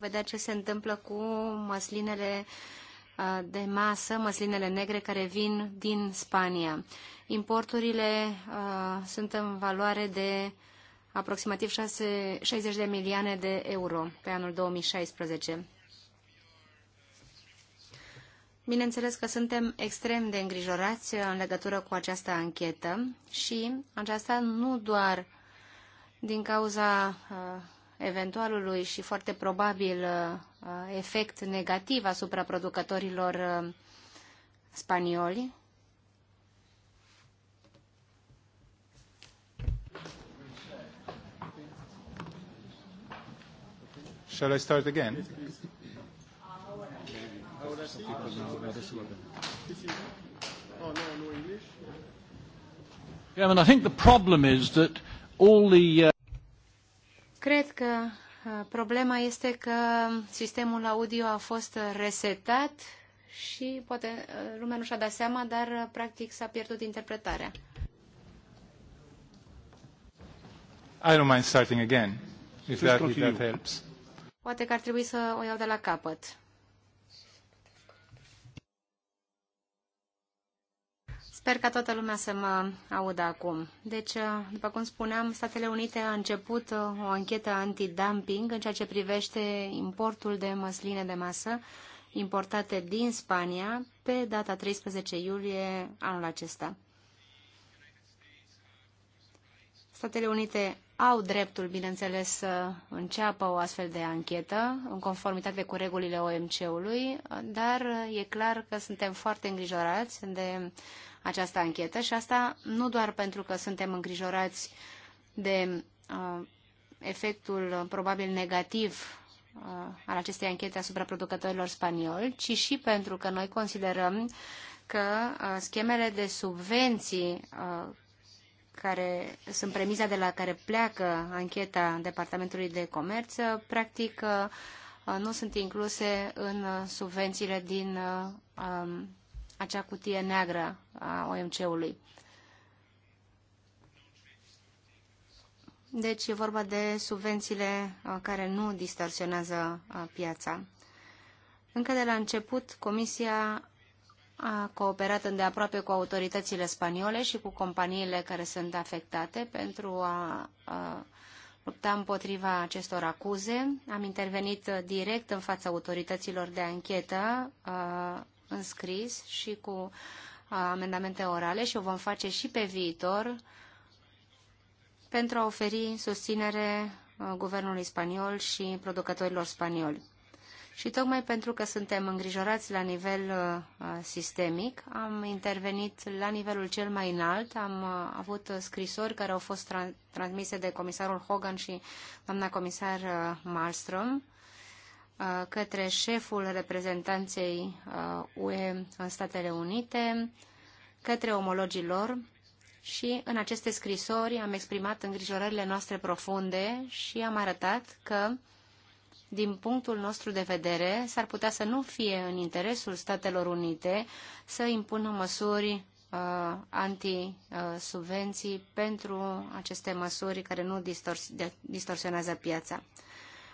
vedea ce se întâmplă cu măslinele uh, de masă, măslinele negre care vin din Spania. Importurile uh, sunt în valoare de aproximativ 6, 60 de milioane de euro pe anul 2016. Bineînțeles că suntem extrem de îngrijorați în legătură cu această anchetă și aceasta nu doar din cauza uh, eventualului și foarte probabil uh, uh, efect negativ asupra producătorilor uh, spanioli. Shall I start again? Yeah, I mean, I think the problem is that all the uh Cred că uh, problema este că sistemul audio a fost resetat și poate uh, lumea nu și-a dat seama, dar uh, practic s-a pierdut interpretarea. I don't mind starting again, if that, if that helps. Poate că ar trebui să o iau de la capăt. Sper ca toată lumea să mă audă acum. Deci, uh, după cum spuneam, Statele Unite a început uh, o anchetă anti-dumping în ceea ce privește importul de măsline de masă importate din Spania pe data 13 iulie anul acesta. Statele Unite au dreptul, bineînțeles, să înceapă o astfel de anchetă în conformitate cu regulile OMC-ului, dar uh, e clar că suntem foarte îngrijorați de această anchetă și asta nu doar pentru că suntem îngrijorați de uh, efectul probabil negativ uh, al acestei anchete asupra producătorilor spanioli, ci și pentru că noi considerăm că uh, schemele de subvenții uh, care sunt premiza de la care pleacă ancheta Departamentului de Comerț, uh, practic uh, uh, nu sunt incluse în subvențiile din um, acea cutie neagră a OMC-ului. Deci e vorba de subvențiile uh, care nu distorsionează uh, piața. Încă de la început, Comisia a cooperat îndeaproape cu autoritățile spaniole și cu companiile care sunt afectate pentru a, a lupta împotriva acestor acuze. Am intervenit uh, direct în fața autorităților de anchetă înscris și cu uh, amendamente orale și o vom face și pe viitor pentru a oferi susținere uh, guvernului spaniol și producătorilor spanioli. Și tocmai pentru că suntem îngrijorați la nivel uh, sistemic, am intervenit la nivelul cel mai înalt, am avut scrisori care au fost transmise de comisarul Hogan și doamna comisar Malmström, Uh, către șeful reprezentanței UE uh, în Statele Unite, către omologii lor și în aceste scrisori am exprimat îngrijorările noastre profunde și am arătat că, din punctul nostru de vedere, s-ar putea să nu fie în interesul Statelor Unite să impună măsuri uh, anti-subvenții pentru aceste măsuri care nu distorsionează piața.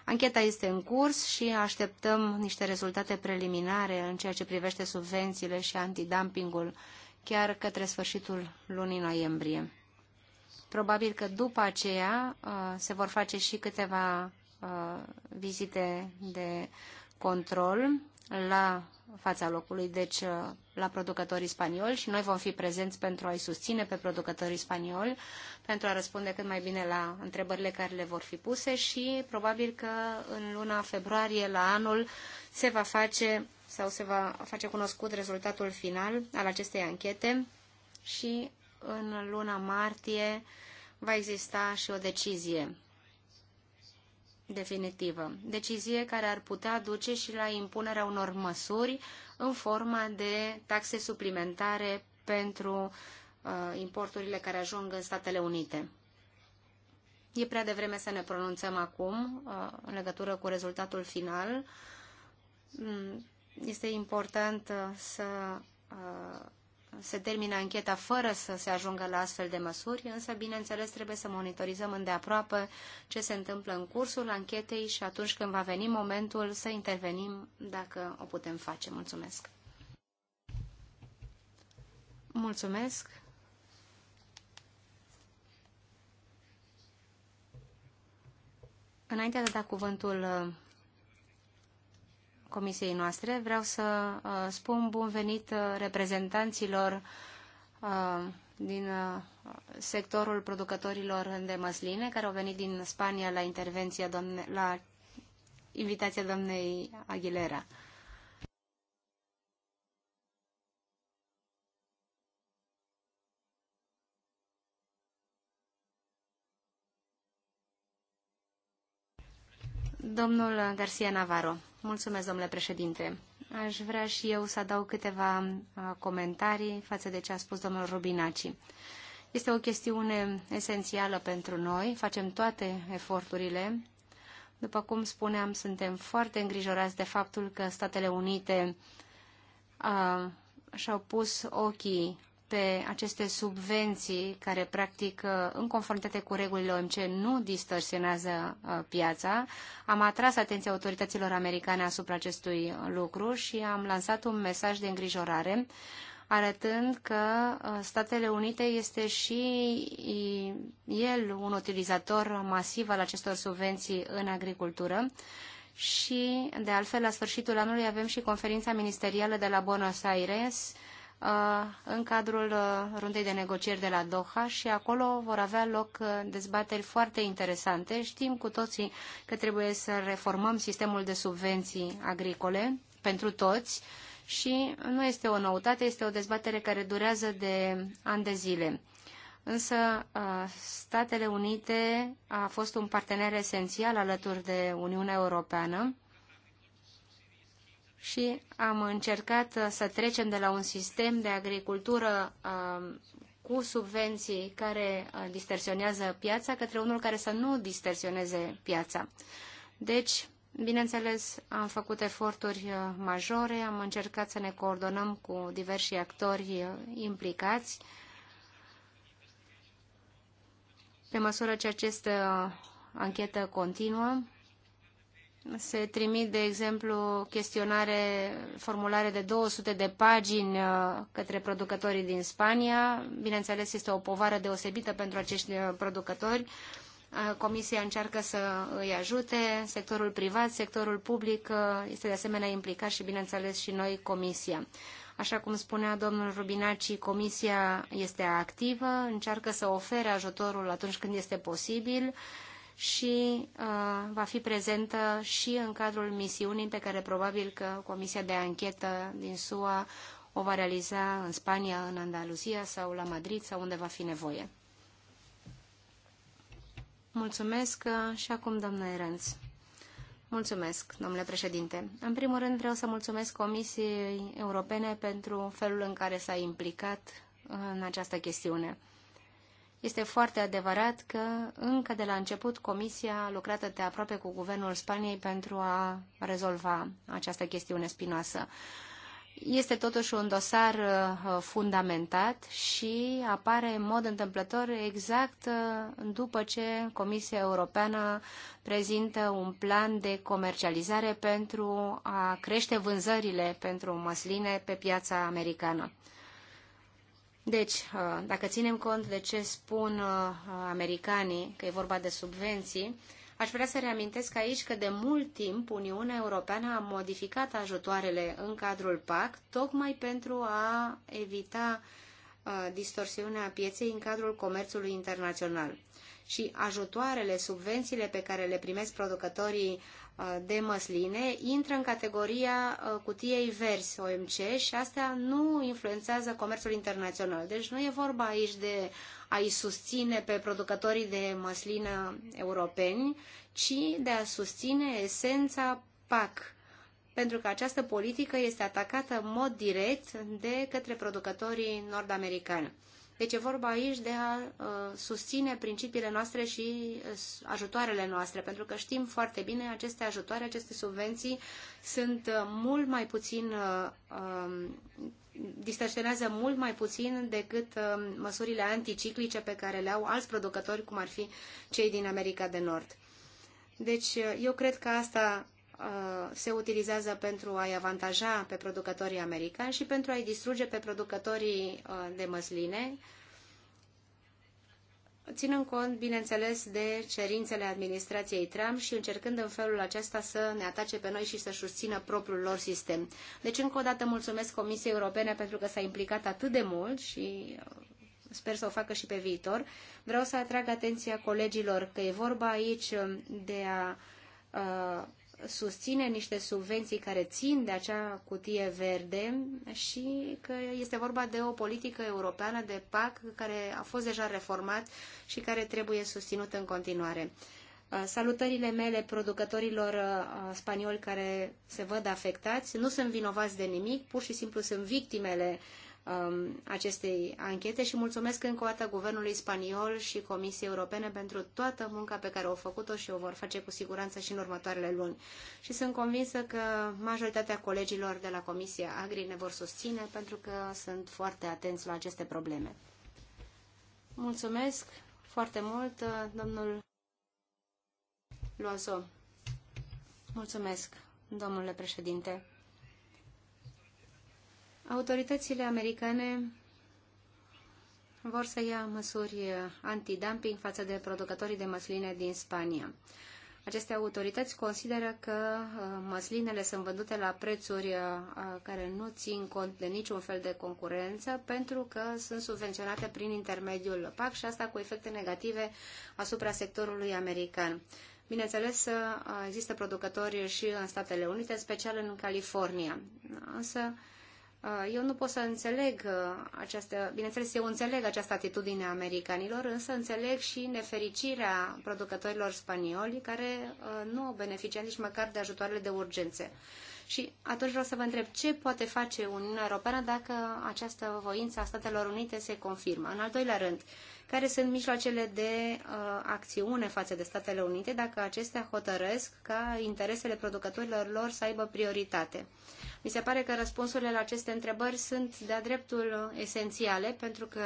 Ancheta este în curs și așteptăm niște rezultate preliminare în ceea ce privește subvențiile și antidumpingul chiar către sfârșitul lunii noiembrie. Probabil că după aceea uh, se vor face și câteva uh, vizite de control la fața locului, deci uh, la producătorii spanioli și noi vom fi prezenți pentru a-i susține pe producătorii spanioli, pentru a răspunde cât mai bine la întrebările care le vor fi puse și probabil că în luna februarie la anul se va face sau se va face cunoscut rezultatul final al acestei anchete și în luna martie va exista și o decizie definitivă. Decizie care ar putea duce și la impunerea unor măsuri în forma de taxe suplimentare pentru uh, importurile care ajung în Statele Unite. E prea devreme să ne pronunțăm acum uh, în legătură cu rezultatul final. Mm, este important uh, să uh, se termină ancheta fără să se ajungă la astfel de măsuri, însă, bineînțeles, trebuie să monitorizăm îndeaproape ce se întâmplă în cursul anchetei și atunci când va veni momentul să intervenim dacă o putem face. Mulțumesc! Mulțumesc! Înainte de a da cuvântul uh, comisiei noastre. Vreau să uh, spun bun venit uh, reprezentanților uh, din sectorul producătorilor de măsline, care au venit din Spania la intervenția doamne, la invitația doamnei Aguilera. Domnul Garcia Navarro. Mulțumesc, domnule președinte. Aș vrea și eu să adaug câteva uh, comentarii față de ce a spus domnul Rubinaci. Este o chestiune esențială pentru noi, facem toate eforturile. După cum spuneam, suntem foarte îngrijorați de faptul că Statele Unite uh, și-au pus ochii pe aceste subvenții care, practic, uh, în conformitate cu regulile OMC, nu distorsionează uh, piața. Am atras atenția autorităților americane asupra acestui lucru și am lansat un mesaj de îngrijorare arătând că uh, Statele Unite este și el un utilizator masiv al acestor subvenții în agricultură și, de altfel, la sfârșitul anului avem și conferința ministerială de la Buenos Aires, în cadrul rundei de negocieri de la Doha și acolo vor avea loc dezbateri foarte interesante. Știm cu toții că trebuie să reformăm sistemul de subvenții agricole pentru toți și nu este o noutate, este o dezbatere care durează de ani de zile. Însă Statele Unite a fost un partener esențial alături de Uniunea Europeană și am încercat uh, să trecem de la un sistem de agricultură uh, cu subvenții care uh, distorsionează piața către unul care să nu distorsioneze piața. Deci, bineînțeles, am făcut eforturi majore, am încercat să ne coordonăm cu diversi actori implicați pe măsură ce această anchetă continuă se trimit, de exemplu, chestionare, formulare de 200 de pagini uh, către producătorii din Spania. Bineînțeles, este o povară deosebită pentru acești uh, producători. Uh, Comisia încearcă să îi ajute, sectorul privat, sectorul public este de asemenea implicat și, bineînțeles, și noi, Comisia. Așa cum spunea domnul Rubinaci, Comisia este activă, încearcă să ofere ajutorul atunci când este posibil. Uh, și uh, va fi prezentă și în cadrul misiunii pe care probabil că Comisia de Anchetă din SUA o va realiza în Spania, în Andaluzia sau la Madrid sau unde va fi nevoie. Mulțumesc și acum, doamna Erenț. Mulțumesc, domnule președinte. În primul rând vreau să mulțumesc Comisiei Europene pentru felul în care s-a implicat în această chestiune. Este foarte adevărat că încă de la început Comisia a lucrat de aproape cu Guvernul Spaniei pentru a rezolva această chestiune spinoasă. Este totuși un dosar uh, fundamentat și apare în mod întâmplător exact uh, după ce Comisia Europeană prezintă un plan de comercializare pentru a crește vânzările pentru măsline pe piața americană. Deci, uh, dacă ținem cont de ce spun uh, americanii, că e vorba de subvenții, aș vrea să reamintesc aici că de mult timp Uniunea Europeană a modificat ajutoarele în cadrul PAC, tocmai pentru a evita uh, distorsiunea pieței în cadrul comerțului internațional. Și ajutoarele, subvențiile pe care le primesc producătorii Uh, de măsline intră în categoria uh, cutiei verzi OMC și astea nu influențează comerțul internațional. Deci nu e vorba aici de a-i susține pe producătorii de măslină europeni, ci de a susține esența PAC, pentru că această politică este atacată în mod direct de către producătorii nord-americani. Deci e vorba aici de a uh, susține principiile noastre și uh, ajutoarele noastre, pentru că știm foarte bine aceste ajutoare, aceste subvenții sunt uh, mult mai puțin, um, distorsionează mult mai puțin decât măsurile anticiclice pe care le au alți producători, cum ar fi cei din America de Nord. Deci eu cred că asta Uh, se utilizează pentru a-i avantaja pe producătorii americani și pentru a-i distruge pe producătorii uh, de măsline, ținând cont, bineînțeles, de cerințele administrației Trump și încercând în felul acesta să ne atace pe noi și să susțină propriul lor sistem. Deci, încă o dată, mulțumesc Comisiei Europene pentru că s-a implicat atât de mult și uh, sper să o facă și pe viitor. Vreau să atrag atenția colegilor că e vorba aici um, de a, a susține niște subvenții care țin de acea cutie verde și că este vorba de o politică europeană de PAC care a fost deja reformat și care trebuie susținută în continuare. Uh, salutările mele producătorilor uh, spanioli care se văd afectați nu sunt vinovați de nimic, pur și simplu sunt victimele uh, um, acestei anchete și mulțumesc încă o dată Guvernului Spaniol și Comisiei Europene pentru toată munca pe care o făcut-o și o vor face cu siguranță și în următoarele luni. Și sunt convinsă că majoritatea colegilor de la Comisia Agri ne vor susține pentru că sunt foarte atenți la aceste probleme. Mulțumesc foarte mult, uh, domnul Loazo. Mulțumesc, domnule președinte. Autoritățile americane vor să ia măsuri antidumping față de producătorii de măsline din Spania. Aceste autorități consideră că uh, măslinele sunt vândute la prețuri uh, care nu țin cont de niciun fel de concurență pentru că sunt subvenționate prin intermediul PAC și asta cu efecte negative asupra sectorului american. Bineînțeles, uh, există producători și în Statele Unite, special în California. Însă, Uh, eu nu pot să înțeleg uh, această, bineînțeles, eu înțeleg această atitudine a americanilor, însă înțeleg și nefericirea producătorilor spanioli care uh, nu au beneficiat nici măcar de ajutoarele de urgențe. Și atunci vreau să vă întreb ce poate face Uniunea Europeană dacă această voință a Statelor Unite se confirmă. În al doilea rând, uh, care sunt mijloacele de uh, acțiune față de Statele Unite dacă acestea hotărăsc ca interesele producătorilor lor să aibă prioritate. Mi se pare că răspunsurile la aceste întrebări sunt de-a dreptul esențiale pentru că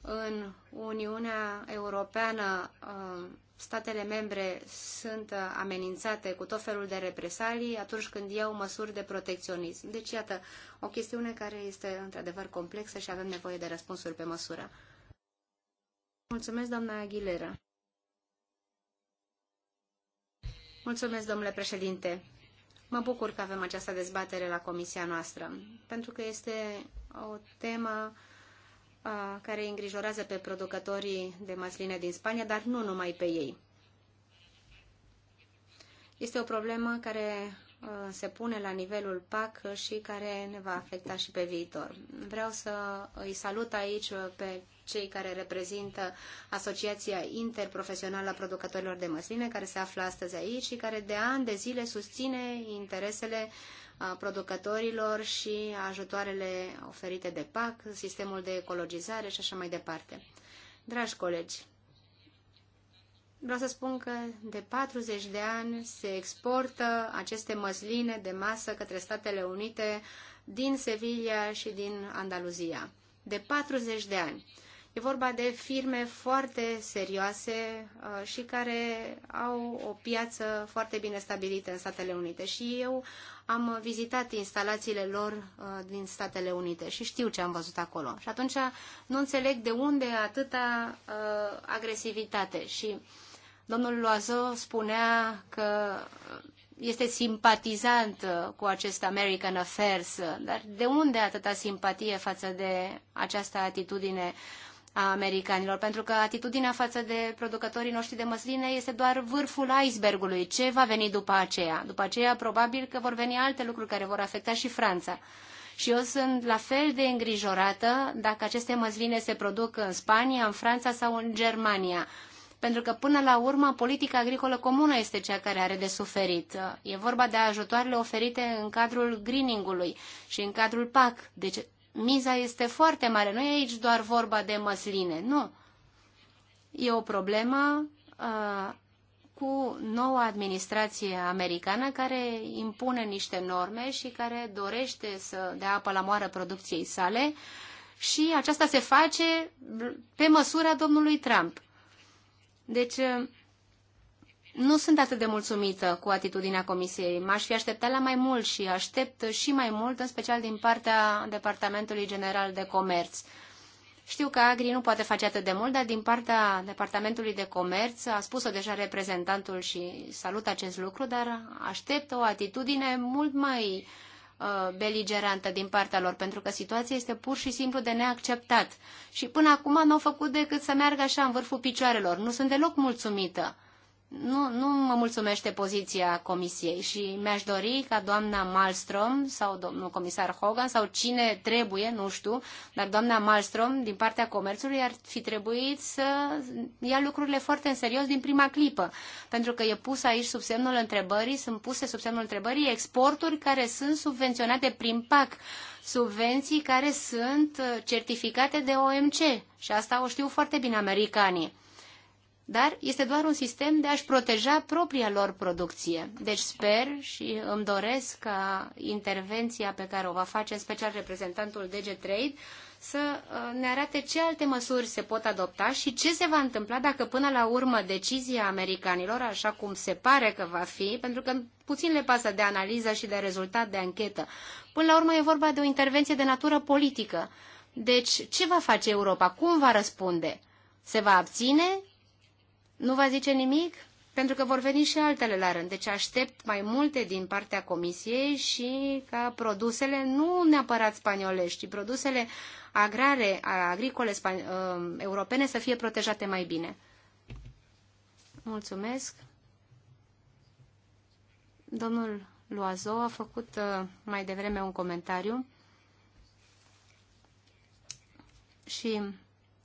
în Uniunea Europeană uh, statele membre sunt amenințate cu tot felul de represalii atunci când iau măsuri de protecționism. Deci, iată, o chestiune care este într-adevăr complexă și avem nevoie de răspunsuri pe măsură. Mulțumesc, doamna Aguilera. Mulțumesc, domnule președinte. Mă bucur că avem această dezbatere la comisia noastră, pentru că este o temă uh, care îngrijorează pe producătorii de măsline din Spania, dar nu numai pe ei. Este o problemă care uh, se pune la nivelul PAC și care ne va afecta și pe viitor. Vreau să îi salut aici pe cei care reprezintă Asociația Interprofesională a Producătorilor de Măsline, care se află astăzi aici și care de ani de zile susține interesele producătorilor și ajutoarele oferite de PAC, sistemul de ecologizare și așa mai departe. Dragi colegi, Vreau să spun că de 40 de ani se exportă aceste măsline de masă către Statele Unite din Sevilla și din Andaluzia. De 40 de ani. E vorba de firme foarte serioase uh, și care au o piață foarte bine stabilită în Statele Unite. Și eu am vizitat instalațiile lor uh, din Statele Unite și știu ce am văzut acolo. Și atunci nu înțeleg de unde atâta uh, agresivitate. Și domnul Loazo spunea că este simpatizant cu acest American Affairs, dar de unde atâta simpatie față de această atitudine uh, a americanilor, pentru că atitudinea față de producătorii noștri de măsline este doar vârful icebergului. Ce va veni după aceea? După aceea, probabil că vor veni alte lucruri care vor afecta și Franța. Și eu sunt la fel de îngrijorată dacă aceste măsline se produc în Spania, în Franța sau în Germania pentru că până la urmă politica agricolă comună este cea care are de suferit. E vorba de ajutoarele oferite în cadrul greeningului și în cadrul PAC. Deci miza este foarte mare. Nu e aici doar vorba de măsline, nu. E o problemă a, cu noua administrație americană care impune niște norme și care dorește să dea apă la moară producției sale și aceasta se face pe măsura domnului Trump. Deci, nu sunt atât de mulțumită cu atitudinea Comisiei. M-aș fi așteptat la mai mult și aștept și mai mult, în special din partea Departamentului General de Comerț. Știu că Agri nu poate face atât de mult, dar din partea Departamentului de Comerț a spus-o deja reprezentantul și salut acest lucru, dar aștept o atitudine mult mai uh, beligerantă din partea lor, pentru că situația este pur și simplu de neacceptat. Și până acum n-au făcut decât să meargă așa în vârful picioarelor. Nu sunt deloc mulțumită nu, nu mă mulțumește poziția comisiei și mi-aș dori ca doamna Malmström sau domnul comisar Hogan sau cine trebuie, nu știu, dar doamna Malmström din partea comerțului ar fi trebuit să ia lucrurile foarte în serios din prima clipă, pentru că e pus aici sub semnul întrebării, sunt puse sub semnul întrebării exporturi care sunt subvenționate prin PAC subvenții care sunt uh, certificate de OMC și asta o știu foarte bine americanii dar este doar un sistem de a-și proteja propria lor producție. Deci sper și îmi doresc ca intervenția pe care o va face, în special reprezentantul DG Trade, să uh, ne arate ce alte măsuri se pot adopta și ce se va întâmpla dacă până la urmă decizia americanilor, așa cum se pare că va fi, pentru că puțin le pasă de analiză și de rezultat de anchetă. Până la urmă e vorba de o intervenție de natură politică. Deci ce va face Europa? Cum va răspunde? Se va abține nu va zice nimic? Pentru că vor veni și altele la rând. Deci aștept mai multe din partea comisiei și ca produsele, nu neapărat spaniolești, ci produsele agrare, agricole uh, europene să fie protejate mai bine. Mulțumesc. Domnul Loazo a făcut uh, mai devreme un comentariu și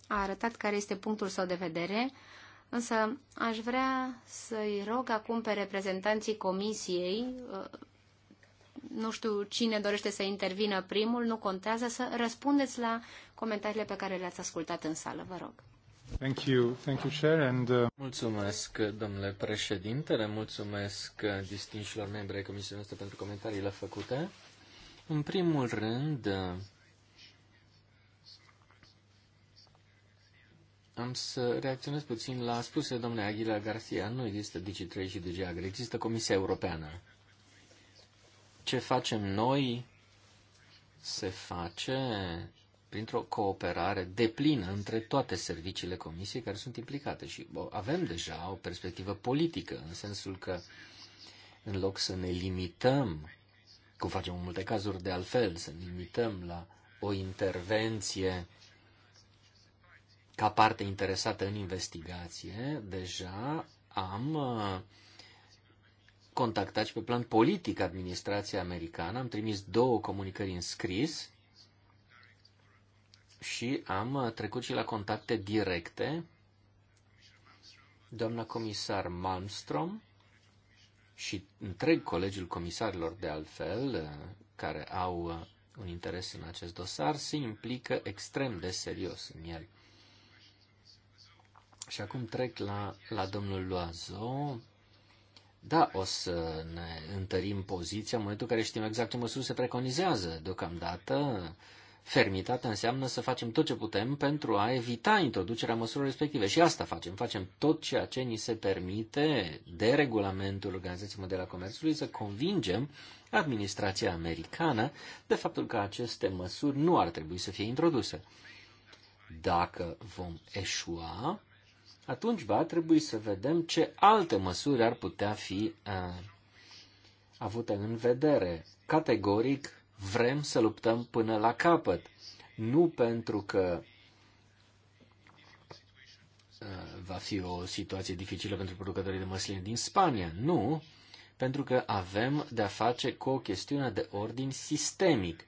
a arătat care este punctul său de vedere Însă aș vrea să-i rog acum pe reprezentanții comisiei, uh, nu știu cine dorește să intervină primul, nu contează, să răspundeți la comentariile pe care le-ați ascultat în sală, vă rog. Thank you. Thank you, Chair, and, uh... Mulțumesc, domnule președinte, le mulțumesc distinșilor membri ai Comisiei noastre pentru comentariile făcute. În primul rând, Am să reacționez puțin la spuse domnule Aguila Garcia. Nu există DG3 și DG Agri, există Comisia Europeană. Ce facem noi se face printr-o cooperare deplină între toate serviciile Comisiei care sunt implicate și avem deja o perspectivă politică, în sensul că în loc să ne limităm, cum facem în multe cazuri de altfel, să ne limităm la o intervenție ca parte interesată în investigație, deja am uh, contactat și pe plan politic administrația americană, am trimis două comunicări în scris și am uh, trecut și la contacte directe. Doamna comisar Malmström și întreg colegiul comisarilor de altfel, uh, care au un interes în acest dosar, se implică extrem de serios în el. Și acum trec la, la domnul Loazo. Da, o să ne întărim poziția în momentul în care știm exact ce măsuri se preconizează. Deocamdată, fermitatea înseamnă să facem tot ce putem pentru a evita introducerea măsurilor respective. Și asta facem. Facem tot ceea ce ni se permite de regulamentul Organizației Mondiale a Comerțului să convingem administrația americană de faptul că aceste măsuri nu ar trebui să fie introduse. Dacă vom eșua, atunci va trebui să vedem ce alte măsuri ar putea fi a, avute în vedere. Categoric, vrem să luptăm până la capăt. Nu pentru că a, va fi o situație dificilă pentru producătorii de măsline din Spania. Nu, pentru că avem de-a face cu o chestiune de ordin sistemic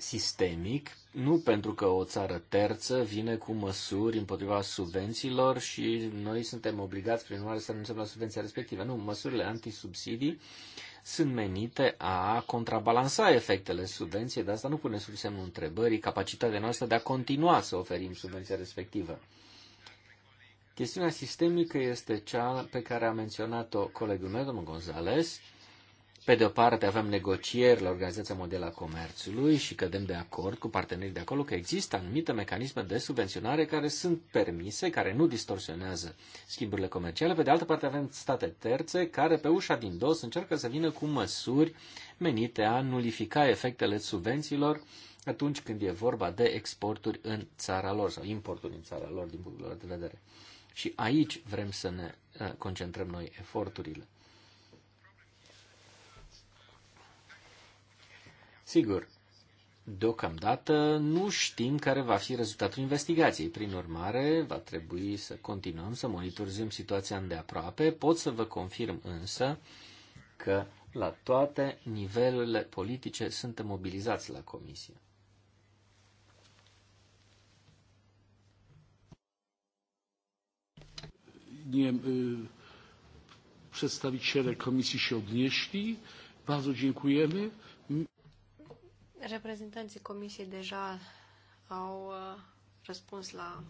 sistemic, nu pentru că o țară terță vine cu măsuri împotriva subvențiilor și noi suntem obligați, prin urmare, să renunțăm la subvenția respectivă. Nu, măsurile antisubsidii sunt menite a contrabalansa efectele subvenției, dar asta nu pune sub semnul întrebării capacitatea noastră de a continua să oferim subvenția respectivă. Chestiunea sistemică este cea pe care a menționat-o colegul meu, domnul Gonzales, pe de o parte avem negocieri la Organizația Mondială a Comerțului și cădem de acord cu partenerii de acolo că există anumite mecanisme de subvenționare care sunt permise, care nu distorsionează schimburile comerciale. Pe de altă parte avem state terțe care pe ușa din dos încearcă să vină cu măsuri menite a nulifica efectele subvențiilor atunci când e vorba de exporturi în țara lor sau importuri în țara lor din punctul de vedere. Și aici vrem să ne eh, concentrăm noi eforturile. Sigur, deocamdată nu știm care va fi rezultatul investigației. Prin urmare, va trebui să continuăm să monitorizăm situația îndeaproape. Pot să vă confirm însă că la toate nivelurile politice suntem mobilizați la comisie. Nie y, przedstawiciele komisji się odnieśli. Bardzo dziękujemy. Reprezentanții comisiei deja au uh, răspuns la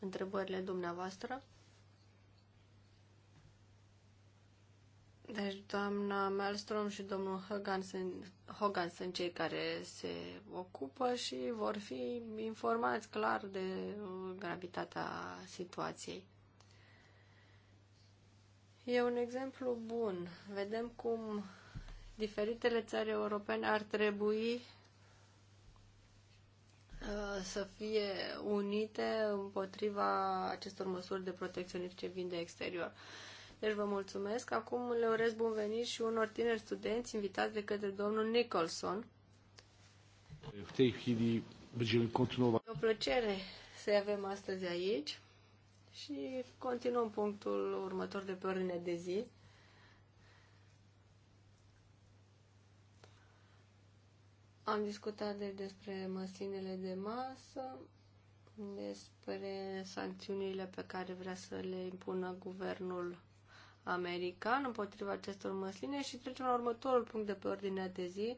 întrebările dumneavoastră. Deci doamna Malmström și domnul Hogan sunt, Hogan sunt cei care se ocupă și vor fi informați clar de uh, gravitatea situației. E un exemplu bun. Vedem cum diferitele țări europene ar trebui uh, să fie unite împotriva acestor măsuri de protecționism ce vin de exterior. Deci vă mulțumesc. Acum le urez bun venit și unor tineri studenți invitați de către domnul Nicholson. E o plăcere să-i avem astăzi aici și continuăm punctul următor de pe ordine de zi. Am discutat de, despre măsinele de masă, despre sancțiunile pe care vrea să le impună guvernul american împotriva acestor măsline și trecem la următorul punct de pe ordinea de zi,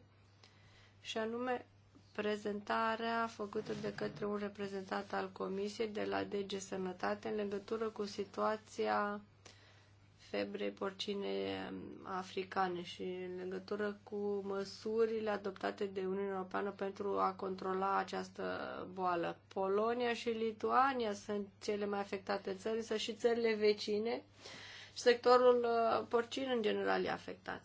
și anume prezentarea făcută de către un reprezentant al Comisiei de la DG Sănătate în legătură cu situația febre porcine africane și în legătură cu măsurile adoptate de Uniunea Europeană pentru a controla această boală. Polonia și Lituania sunt cele mai afectate țări, însă și țările vecine și sectorul uh, porcin în general e afectat.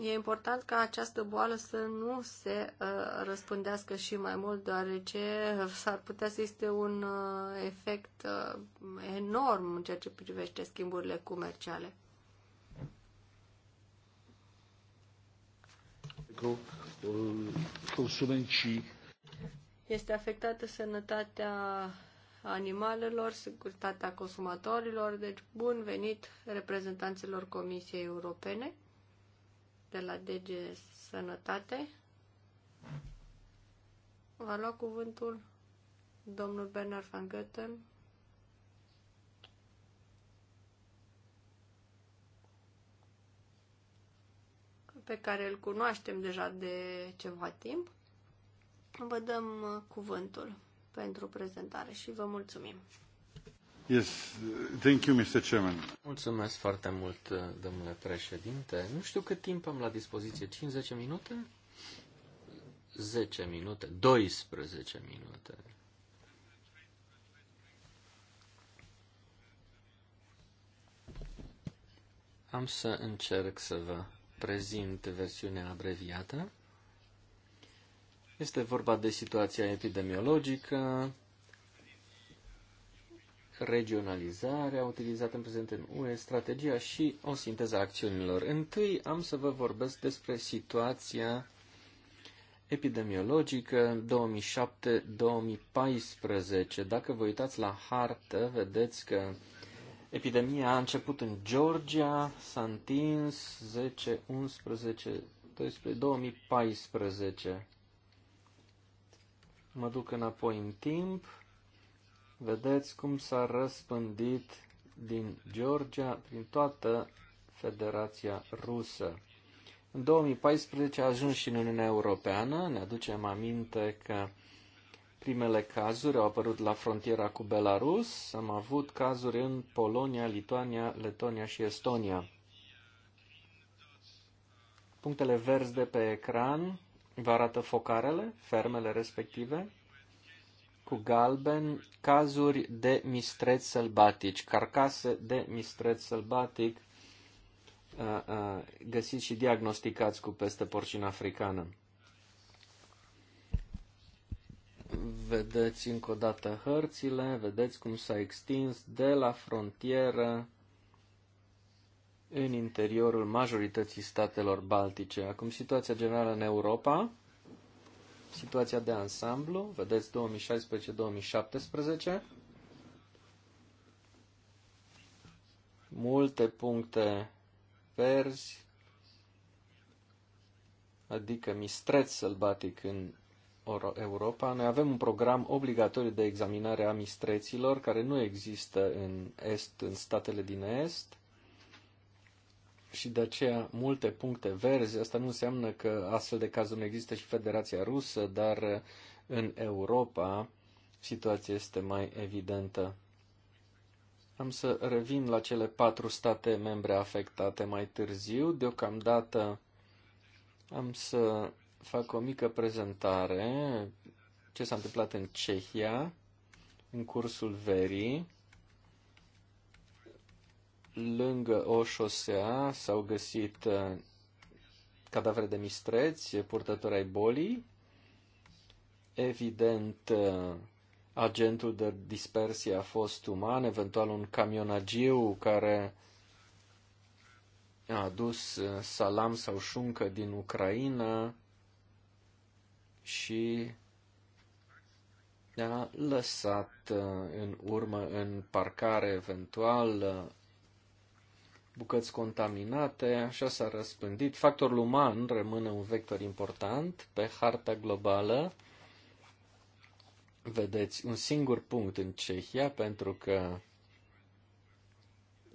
E important ca această boală să nu se uh, răspândească și mai mult, deoarece uh, s-ar putea să este un uh, efect uh, enorm în ceea ce privește schimburile comerciale. Este afectată sănătatea animalelor, securitatea consumatorilor, deci bun venit reprezentanților Comisiei Europene de la DG Sănătate. Va lua cuvântul domnul Bernard van Goethen, pe care îl cunoaștem deja de ceva timp. Vă dăm cuvântul pentru prezentare și vă mulțumim. Yes, thank you, Mr. Chairman. Mulțumesc foarte mult, domnule președinte. Nu știu cât timp am la dispoziție, 5-10 minute? 10 minute, 12 minute. Am să încerc să vă prezint versiunea abreviată. Este vorba de situația epidemiologică, regionalizarea utilizată în prezent în UE, strategia și o sinteză a acțiunilor. Întâi am să vă vorbesc despre situația epidemiologică 2007-2014. Dacă vă uitați la hartă, vedeți că epidemia a început în Georgia, s-a întins 10, 11, 12, 2014. Mă duc înapoi în timp vedeți cum s-a răspândit din Georgia prin toată Federația Rusă. În 2014 a ajuns și în Uniunea Europeană. Ne aducem aminte că primele cazuri au apărut la frontiera cu Belarus. Am avut cazuri în Polonia, Lituania, Letonia și Estonia. Punctele verzi de pe ecran vă arată focarele, fermele respective cu galben cazuri de mistreți sălbatici, carcase de mistreți sălbatic uh, uh, găsiți și diagnosticați cu peste porcină africană. Vedeți încă o dată hărțile, vedeți cum s-a extins de la frontieră în interiorul majorității statelor baltice. Acum situația generală în Europa situația de ansamblu, vedeți 2016-2017, multe puncte verzi, adică mistreț sălbatic în Europa. Noi avem un program obligatoriu de examinare a mistreților, care nu există în est, în statele din est și de aceea multe puncte verzi. Asta nu înseamnă că astfel de cazuri nu există și Federația Rusă, dar uh, în Europa situația este mai evidentă. Am să revin la cele patru state membre afectate mai târziu. Deocamdată am să fac o mică prezentare ce s-a întâmplat în Cehia în cursul verii lângă o șosea s-au găsit uh, cadavre de mistreți, purtători ai bolii. Evident, uh, agentul de dispersie a fost uman, eventual un camionagiu care a adus uh, salam sau șuncă din Ucraina și a lăsat în urmă în parcare eventual bucăți contaminate, așa s-a răspândit. Factorul uman rămâne un vector important pe harta globală. Vedeți un singur punct în Cehia, pentru că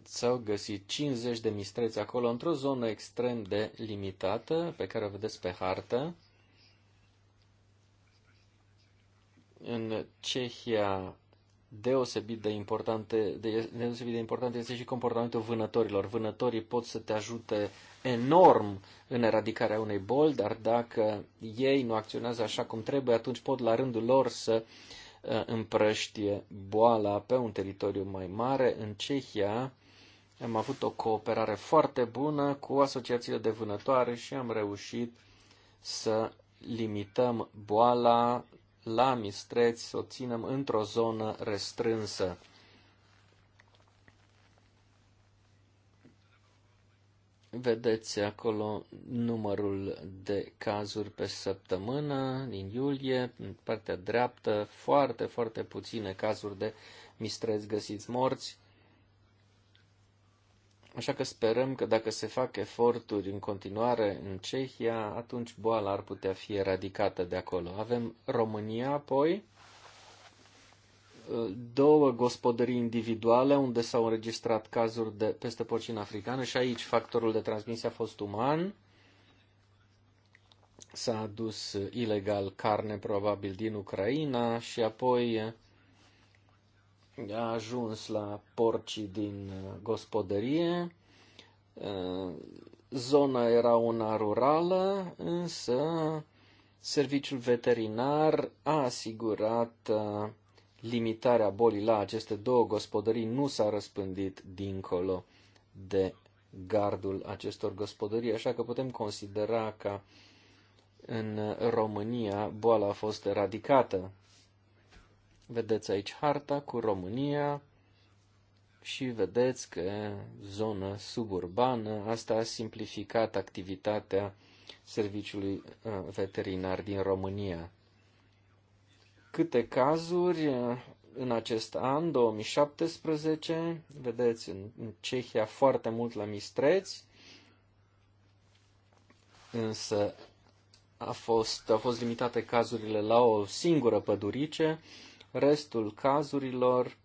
s-au găsit 50 de mistreți acolo, într-o zonă extrem de limitată, pe care o vedeți pe hartă. În Cehia deosebit de, importante, de, deosebit de important este și comportamentul vânătorilor. Vânătorii pot să te ajute enorm în eradicarea unei boli, dar dacă ei nu acționează așa cum trebuie, atunci pot la rândul lor să uh, împrăștie boala pe un teritoriu mai mare. În Cehia am avut o cooperare foarte bună cu asociațiile de vânătoare și am reușit să limităm boala la mistreți să o ținem într-o zonă restrânsă. Vedeți acolo numărul de cazuri pe săptămână din iulie, în partea dreaptă, foarte, foarte puține cazuri de mistreți găsiți morți. Așa că sperăm că dacă se fac eforturi în continuare în Cehia, atunci boala ar putea fi eradicată de acolo. Avem România, apoi uh, două gospodării individuale unde s-au înregistrat cazuri de peste porcină africană și aici factorul de transmisie a fost uman. S-a adus ilegal carne probabil din Ucraina și apoi uh, a ajuns la porcii din uh, gospodărie. Uh, zona era una rurală, însă serviciul veterinar a asigurat uh, limitarea bolii la aceste două gospodării, nu s-a răspândit dincolo de gardul acestor gospodării, așa că putem considera că în România boala a fost eradicată. Vedeți aici harta cu România și vedeți că zonă suburbană, asta a simplificat activitatea serviciului uh, veterinar din România. Câte cazuri uh, în acest an, 2017, vedeți în Cehia foarte mult la mistreți, însă a fost, a fost limitate cazurile la o singură pădurice, Restul cazurilor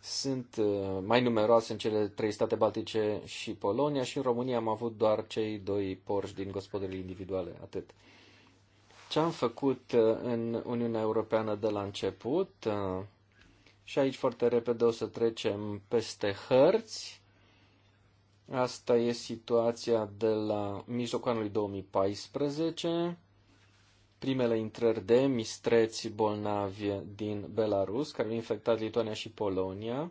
sunt uh, mai numeroase în cele trei state baltice și Polonia și în România am avut doar cei doi porși din gospodării individuale, atât. Ce am făcut uh, în Uniunea Europeană de la început? Uh, și aici foarte repede o să trecem peste hărți. Asta e situația de la mijlocul anului 2014 primele intrări de mistreți bolnavi din Belarus, care au infectat Lituania și Polonia.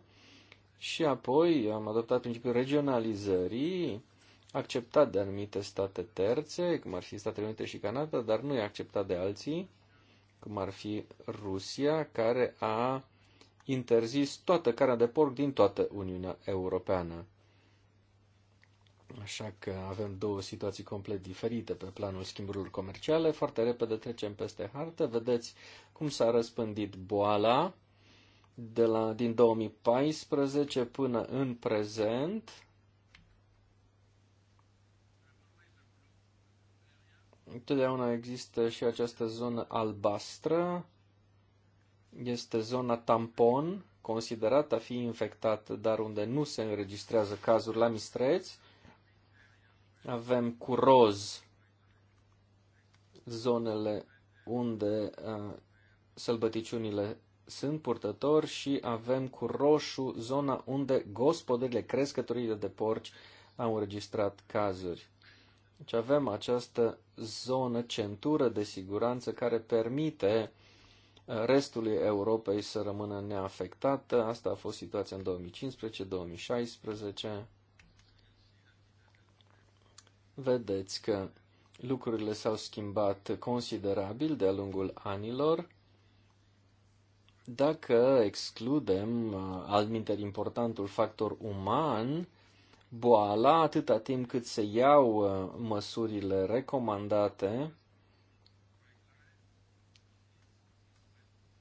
Și apoi am adoptat principiul regionalizării, acceptat de anumite state terțe, cum ar fi Statele Unite și Canada, dar nu e acceptat de alții, cum ar fi Rusia, care a interzis toată carnea de porc din toată Uniunea Europeană. Așa că avem două situații complet diferite pe planul schimburilor comerciale. Foarte repede trecem peste hartă. Vedeți cum s-a răspândit boala de la, din 2014 până în prezent. Întotdeauna există și această zonă albastră. Este zona tampon, considerată a fi infectată, dar unde nu se înregistrează cazuri la mistreți. Avem cu roz zonele unde uh, sălbăticiunile sunt purtători și avem cu roșu zona unde gospodările crescătorile de porci au înregistrat cazuri. Deci avem această zonă, centură de siguranță, care permite restului Europei să rămână neafectată. Asta a fost situația în 2015-2016 vedeți că lucrurile s-au schimbat considerabil de-a lungul anilor. Dacă excludem uh, minter importantul factor uman, boala, atâta timp cât se iau uh, măsurile recomandate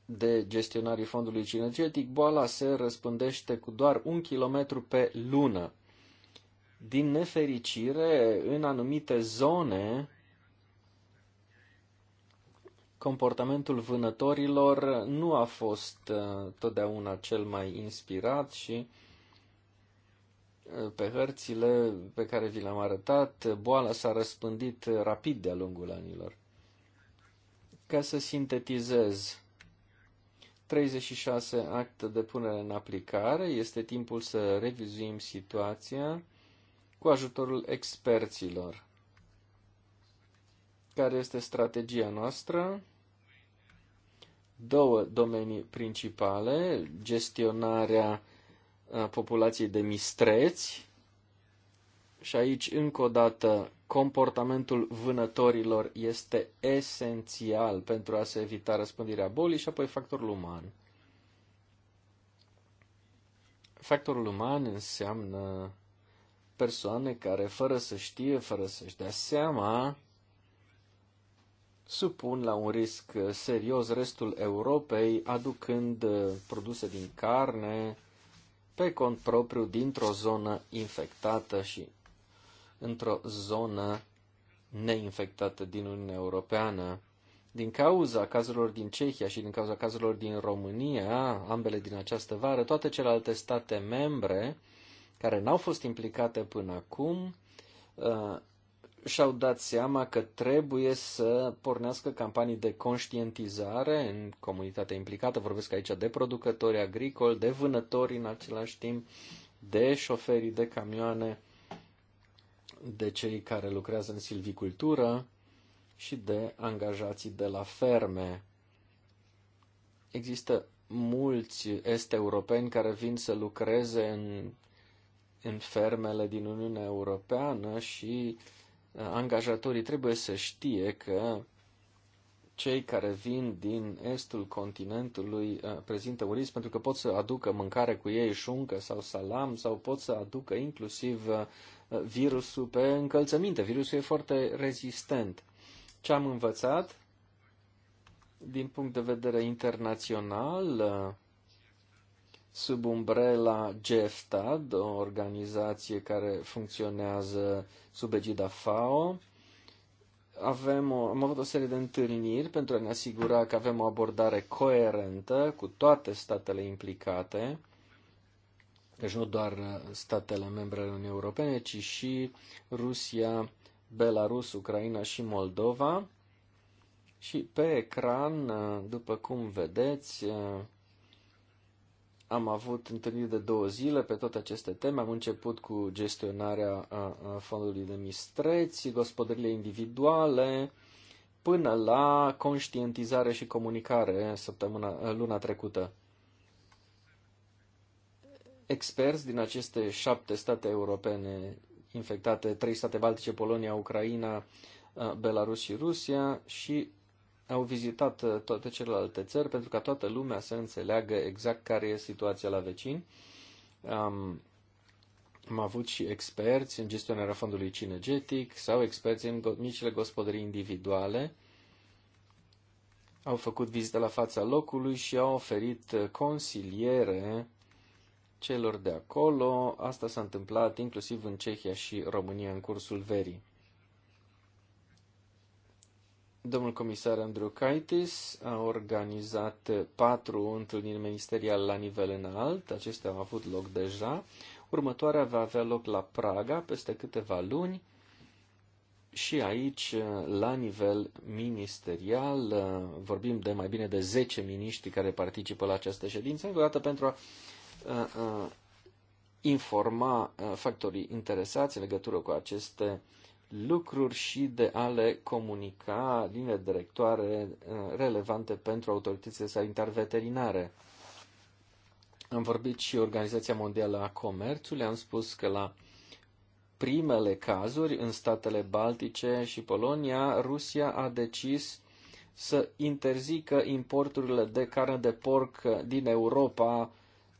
de gestionarii fondului cinegetic, boala se răspândește cu doar un kilometru pe lună. Din nefericire, în anumite zone, comportamentul vânătorilor nu a fost uh, totdeauna cel mai inspirat și uh, pe hărțile pe care vi le-am arătat, boala s-a răspândit rapid de-a lungul anilor. Ca să sintetizez, 36 acte de punere în aplicare, este timpul să revizuim situația, cu ajutorul experților. Care este strategia noastră? Două domenii principale, gestionarea populației de mistreți și aici încă o dată comportamentul vânătorilor este esențial pentru a se evita răspândirea bolii și apoi factorul uman. Factorul uman înseamnă persoane care, fără să știe, fără să-și dea seama, supun la un risc serios restul Europei, aducând uh, produse din carne pe cont propriu dintr-o zonă infectată și într-o zonă neinfectată din Uniunea Europeană. Din cauza cazurilor din Cehia și din cauza cazurilor din România, ambele din această vară, toate celelalte state membre care n-au fost implicate până acum uh, și-au dat seama că trebuie să pornească campanii de conștientizare în comunitatea implicată. Vorbesc aici de producători agricoli, de vânători în același timp, de șoferii de camioane, de cei care lucrează în silvicultură și de angajații de la ferme. Există mulți este europeni care vin să lucreze în în fermele din Uniunea Europeană și uh, angajatorii trebuie să știe că cei care vin din estul continentului uh, prezintă un risc pentru că pot să aducă mâncare cu ei, șuncă sau salam, sau pot să aducă inclusiv uh, virusul pe încălțăminte. Virusul e foarte rezistent. Ce am învățat din punct de vedere internațional, sub umbrela GEFTAD, o organizație care funcționează sub egida FAO. Avem o, am avut o serie de întâlniri pentru a ne asigura că avem o abordare coerentă cu toate statele implicate, deci nu doar uh, statele membre ale Uniunii Europene, ci și Rusia, Belarus, Ucraina și Moldova. Și pe ecran, uh, după cum vedeți, uh, am avut întâlniri de două zile pe toate aceste teme. Am început cu gestionarea fondului de mistreți, gospodările individuale, până la conștientizare și comunicare săptămâna, luna trecută. Experți din aceste șapte state europene infectate, trei state baltice, Polonia, Ucraina, Belarus și Rusia și au vizitat uh, toate celelalte țări pentru ca toată lumea să înțeleagă exact care e situația la vecini. Um, am avut și experți în gestionarea fondului cinegetic sau experți în micile gospodării individuale. Au făcut vizită la fața locului și au oferit uh, consiliere celor de acolo. Asta s-a întâmplat inclusiv în Cehia și România în cursul verii. Domnul comisar Kaitis a organizat patru întâlniri ministeriale la nivel înalt, acestea au avut loc deja. Următoarea va avea loc la Praga peste câteva luni și aici, la nivel ministerial, vorbim de mai bine de 10 miniștri care participă la această ședință, încă o dată pentru a, a, a informa factorii interesați în legătură cu aceste lucruri și de a le comunica linii directoare eh, relevante pentru autoritățile sanitare veterinare. Am vorbit și Organizația Mondială a Comerțului, am spus că la primele cazuri în statele Baltice și Polonia, Rusia a decis să interzică importurile de carne de porc din Europa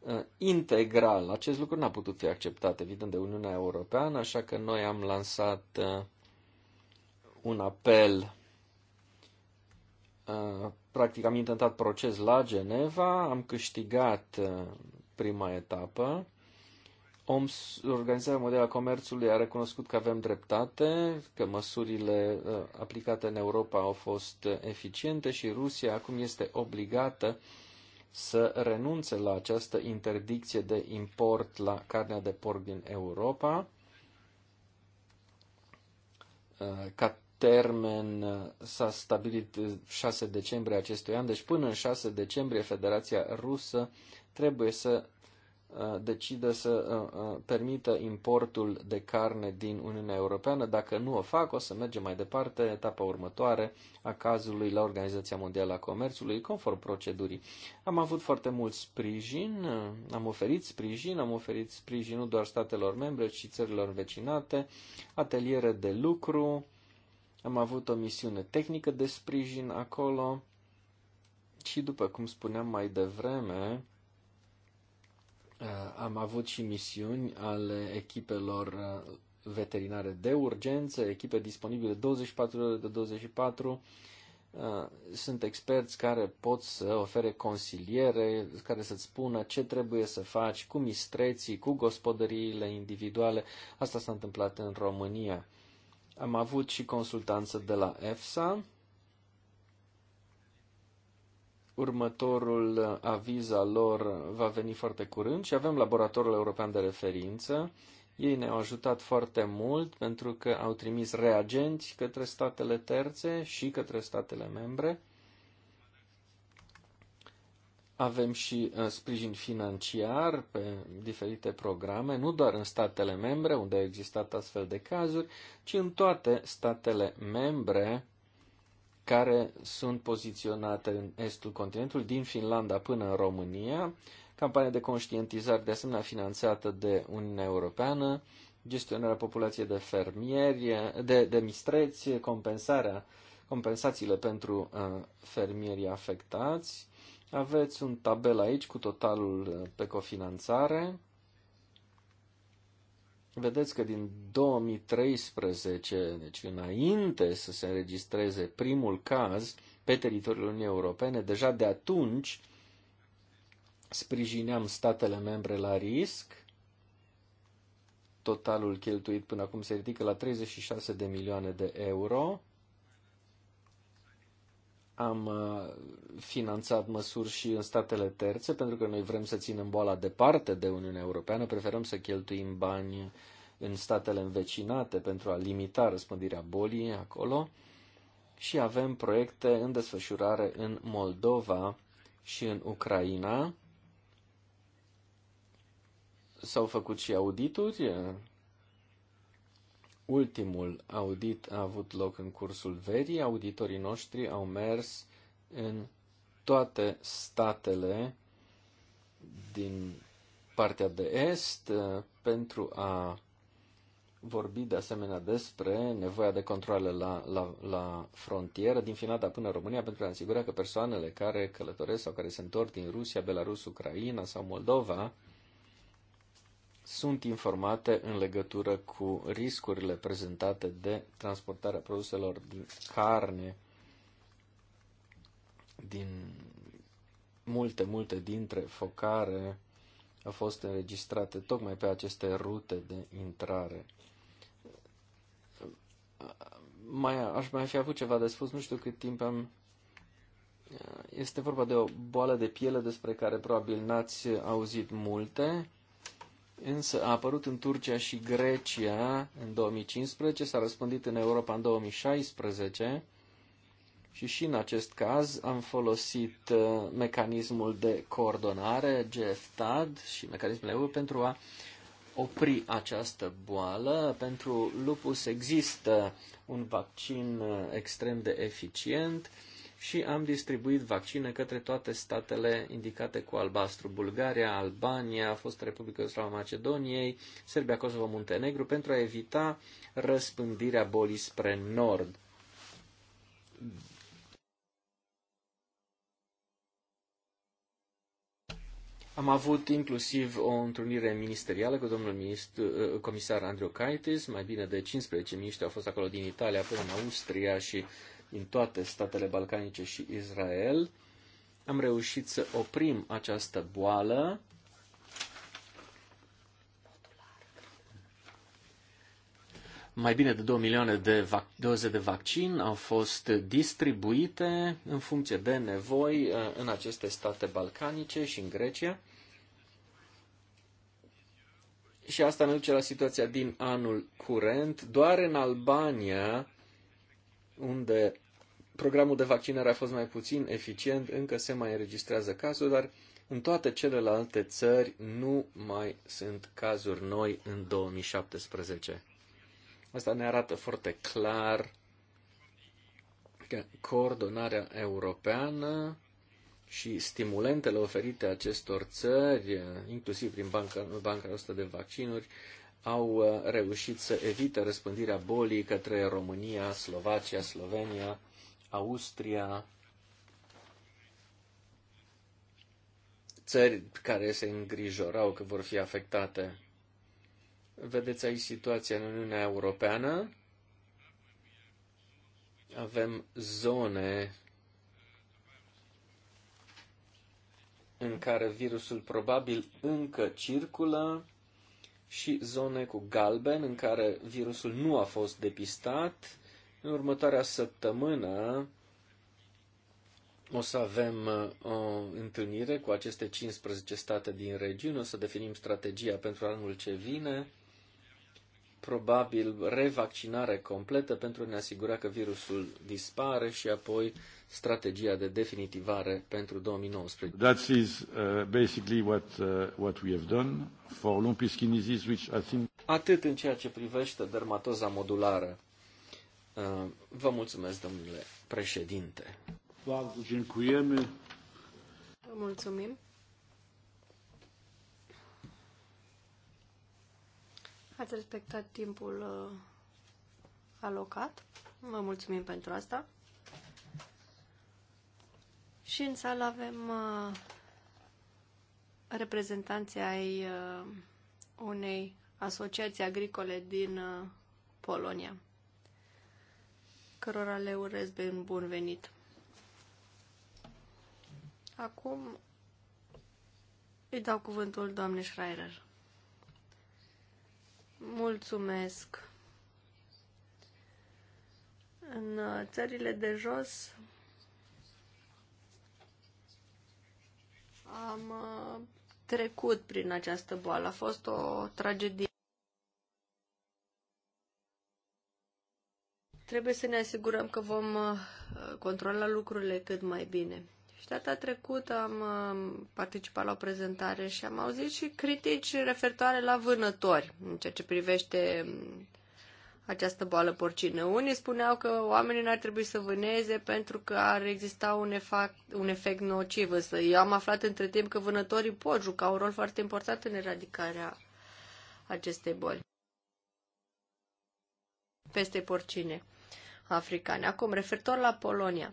Uh, integral. Acest lucru n-a putut fi acceptat, evident, de Uniunea Europeană, așa că noi am lansat uh, un apel. Uh, practic am intentat proces la Geneva, am câștigat prima etapă. OMS, Organizarea Mondială a Comerțului, a recunoscut că avem dreptate, că măsurile aplicate în Europa au fost eficiente și Rusia acum este obligată să renunțe la această interdicție de import la carnea de porc din Europa uh, ca termen uh, s-a stabilit 6 uh, decembrie acestui an, deci până în 6 decembrie Federația Rusă trebuie să Uh, decide să uh, uh, permită importul de carne din Uniunea Europeană. Dacă nu o fac, o să mergem mai departe, etapa următoare a cazului la Organizația Mondială a Comerțului, conform procedurii. Am avut foarte mult sprijin, am oferit sprijin, am oferit sprijin nu doar statelor membre, ci țărilor vecinate, ateliere de lucru, am avut o misiune tehnică de sprijin acolo și, după cum spuneam mai devreme, Eh, am avut și misiuni ale echipelor eh, veterinare de urgență, echipe disponibile 24 ore de 24. Eh, sunt experți care pot să ofere consiliere, care să-ți spună ce trebuie să faci cu mistreții, cu gospodăriile individuale. Asta s-a întâmplat în România. Am avut și consultanță de la EFSA, Următorul uh, aviz al lor va veni foarte curând și avem laboratorul european de referință. Ei ne-au ajutat foarte mult pentru că au trimis reagenți către statele terțe și către statele membre. Avem și uh, sprijin financiar pe diferite programe, nu doar în statele membre, unde au existat astfel de cazuri, ci în toate statele membre care sunt poziționate în estul continentului, din Finlanda până în România, campania de conștientizare de asemenea finanțată de Uniunea Europeană, gestionarea populației de fermieri, de, de mistreți, compensarea, compensațiile pentru uh, fermierii afectați. Aveți un tabel aici cu totalul uh, pe cofinanțare. Vedeți că din 2013, deci înainte să se înregistreze primul caz pe teritoriul Uniunii Europene, deja de atunci sprijineam statele membre la risc. Totalul cheltuit până acum se ridică la 36 de milioane de euro am uh, finanțat măsuri și în statele terțe, pentru că noi vrem să ținem boala departe de Uniunea Europeană, preferăm să cheltuim bani în statele învecinate pentru a limita răspândirea bolii acolo și avem proiecte în desfășurare în Moldova și în Ucraina. S-au făcut și audituri Ultimul audit a avut loc în cursul verii. Auditorii noștri au mers în toate statele din partea de est uh, pentru a vorbi de asemenea despre nevoia de controle la, la, la frontieră din Finlanda până România pentru a asigura că persoanele care călătoresc sau care se întorc din Rusia, Belarus, Ucraina sau Moldova sunt informate în legătură cu riscurile prezentate de transportarea produselor din carne din multe, multe dintre focare au fost înregistrate tocmai pe aceste rute de intrare. Mai, aș mai fi avut ceva de spus, nu știu cât timp am este vorba de o boală de piele despre care probabil n-ați auzit multe însă a apărut în Turcia și Grecia în 2015, s-a răspândit în Europa în 2016 și și în acest caz am folosit uh, mecanismul de coordonare GFTAD și mecanismele EU pentru a opri această boală. Pentru lupus există un vaccin uh, extrem de eficient și am distribuit vaccine către toate statele indicate cu albastru, Bulgaria, Albania, fosta Republică Iugoslava Macedoniei, Serbia, Kosovo, Muntenegru, pentru a evita răspândirea bolii spre nord. Am avut inclusiv o întâlnire ministerială cu domnul ministru, uh, comisar Andrew Kaitis, mai bine de 15 miniștri au fost acolo din Italia până în Austria și în toate statele balcanice și Israel. Am reușit să oprim această boală. Mai bine de 2 milioane de doze de vaccin au fost distribuite în funcție de nevoi uh, în aceste state balcanice și în Grecia. Și asta ne duce la situația din anul curent. Doar în Albania unde programul de vaccinare a fost mai puțin eficient, încă se mai înregistrează cazuri, dar în toate celelalte țări nu mai sunt cazuri noi în 2017. Asta ne arată foarte clar că coordonarea europeană și stimulentele oferite acestor țări, inclusiv prin Banca, Banca 100 de Vaccinuri, au uh, reușit să evite răspândirea bolii către România, Slovacia, Slovenia, Austria, țări care se îngrijorau că vor fi afectate. Vedeți aici situația în Uniunea Europeană. Avem zone în care virusul probabil încă circulă și zone cu galben în care virusul nu a fost depistat. În următoarea săptămână o să avem uh, o întâlnire cu aceste 15 state din regiune, o să definim strategia pentru anul ce vine, probabil revaccinare completă pentru a ne asigura că virusul dispare și apoi strategia de definitivare pentru 2019. That is uh, basically what, uh, what we have done for lumpy skin disease, which I think... Atât în ceea ce privește dermatoza modulară. Uh, vă mulțumesc, domnule președinte. Vă mulțumim. Ați respectat timpul uh, alocat. Vă mulțumim pentru asta. Și în sală avem uh, reprezentanții ai uh, unei asociații agricole din uh, Polonia, cărora le urez bun venit. Acum îi dau cuvântul doamne Schreier. Mulțumesc! În uh, țările de jos am uh, trecut prin această boală. A fost o tragedie. Trebuie să ne asigurăm că vom uh, controla lucrurile cât mai bine. Și data trecută am uh, participat la o prezentare și am auzit și critici referitoare la vânători în ceea ce privește um, această boală porcină. Unii spuneau că oamenii n-ar trebui să vâneze pentru că ar exista un efect, un efect nociv, însă eu am aflat între timp că vânătorii pot juca un rol foarte important în eradicarea acestei boli. Peste porcine africane. Acum, referitor la Polonia.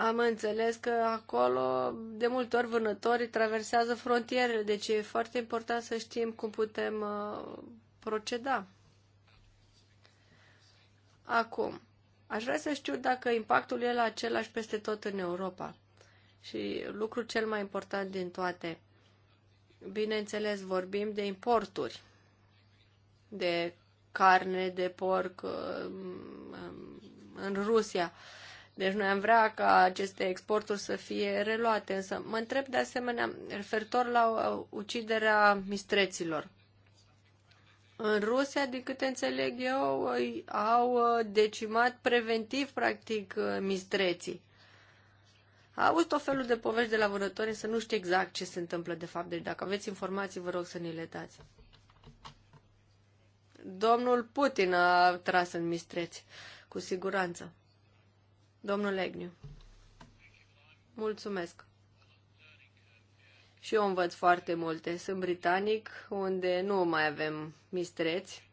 Am înțeles că acolo de multe ori vânătorii traversează frontierele, deci e foarte important să știm cum putem uh, proceda. Acum, aș vrea să știu dacă impactul e la același peste tot în Europa. Și lucru cel mai important din toate, bineînțeles, vorbim de importuri, de carne, de porc uh, în Rusia. Uh, deci noi am vrea ca aceste exporturi să fie reluate, însă mă întreb de asemenea referitor la uh, uciderea mistreților. În Rusia, din câte înțeleg eu, au uh, decimat preventiv, practic, uh, mistreții. A avut tot felul de povești de la vânători, să nu știu exact ce se întâmplă de fapt. Deci dacă aveți informații, vă rog să ni le dați. Domnul Putin a tras în mistreți, cu siguranță. Domnule Legniu. Mulțumesc. Și eu învăț foarte multe. Sunt britanic, unde nu mai avem mistreți.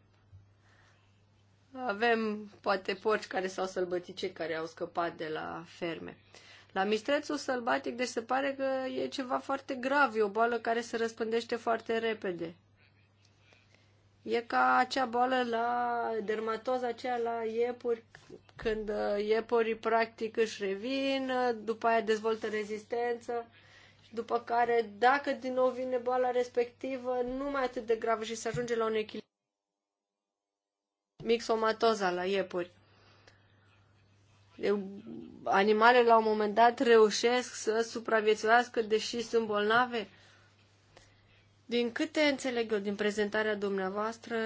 Avem poate porci care s-au cei care au scăpat de la ferme. La mistrețul sălbatic, deci se pare că e ceva foarte grav, e o boală care se răspândește foarte repede. E ca acea boală la dermatoza aceea la iepuri, când uh, iepurii practic își revin, uh, după aia dezvoltă rezistență și după care, dacă din nou vine boala respectivă, nu mai atât de gravă și se ajunge la un echilibru. Mixomatoza la iepuri. Animalele la un moment dat reușesc să supraviețuiască deși sunt bolnave, din câte înțeleg eu din prezentarea dumneavoastră,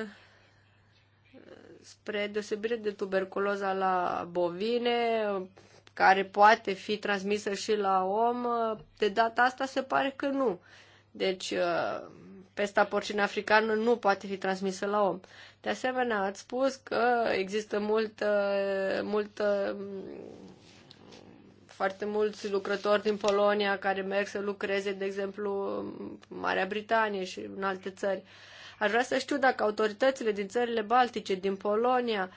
spre deosebire de tuberculoza la bovine, care poate fi transmisă și la om, de data asta se pare că nu. Deci, uh, pesta porcină africană nu poate fi transmisă la om. De asemenea, ați spus că există multă, multă foarte mulți lucrători din Polonia care merg să lucreze, de exemplu, în Marea Britanie și în alte țări. Aș vrea să știu dacă autoritățile din țările baltice, din Polonia,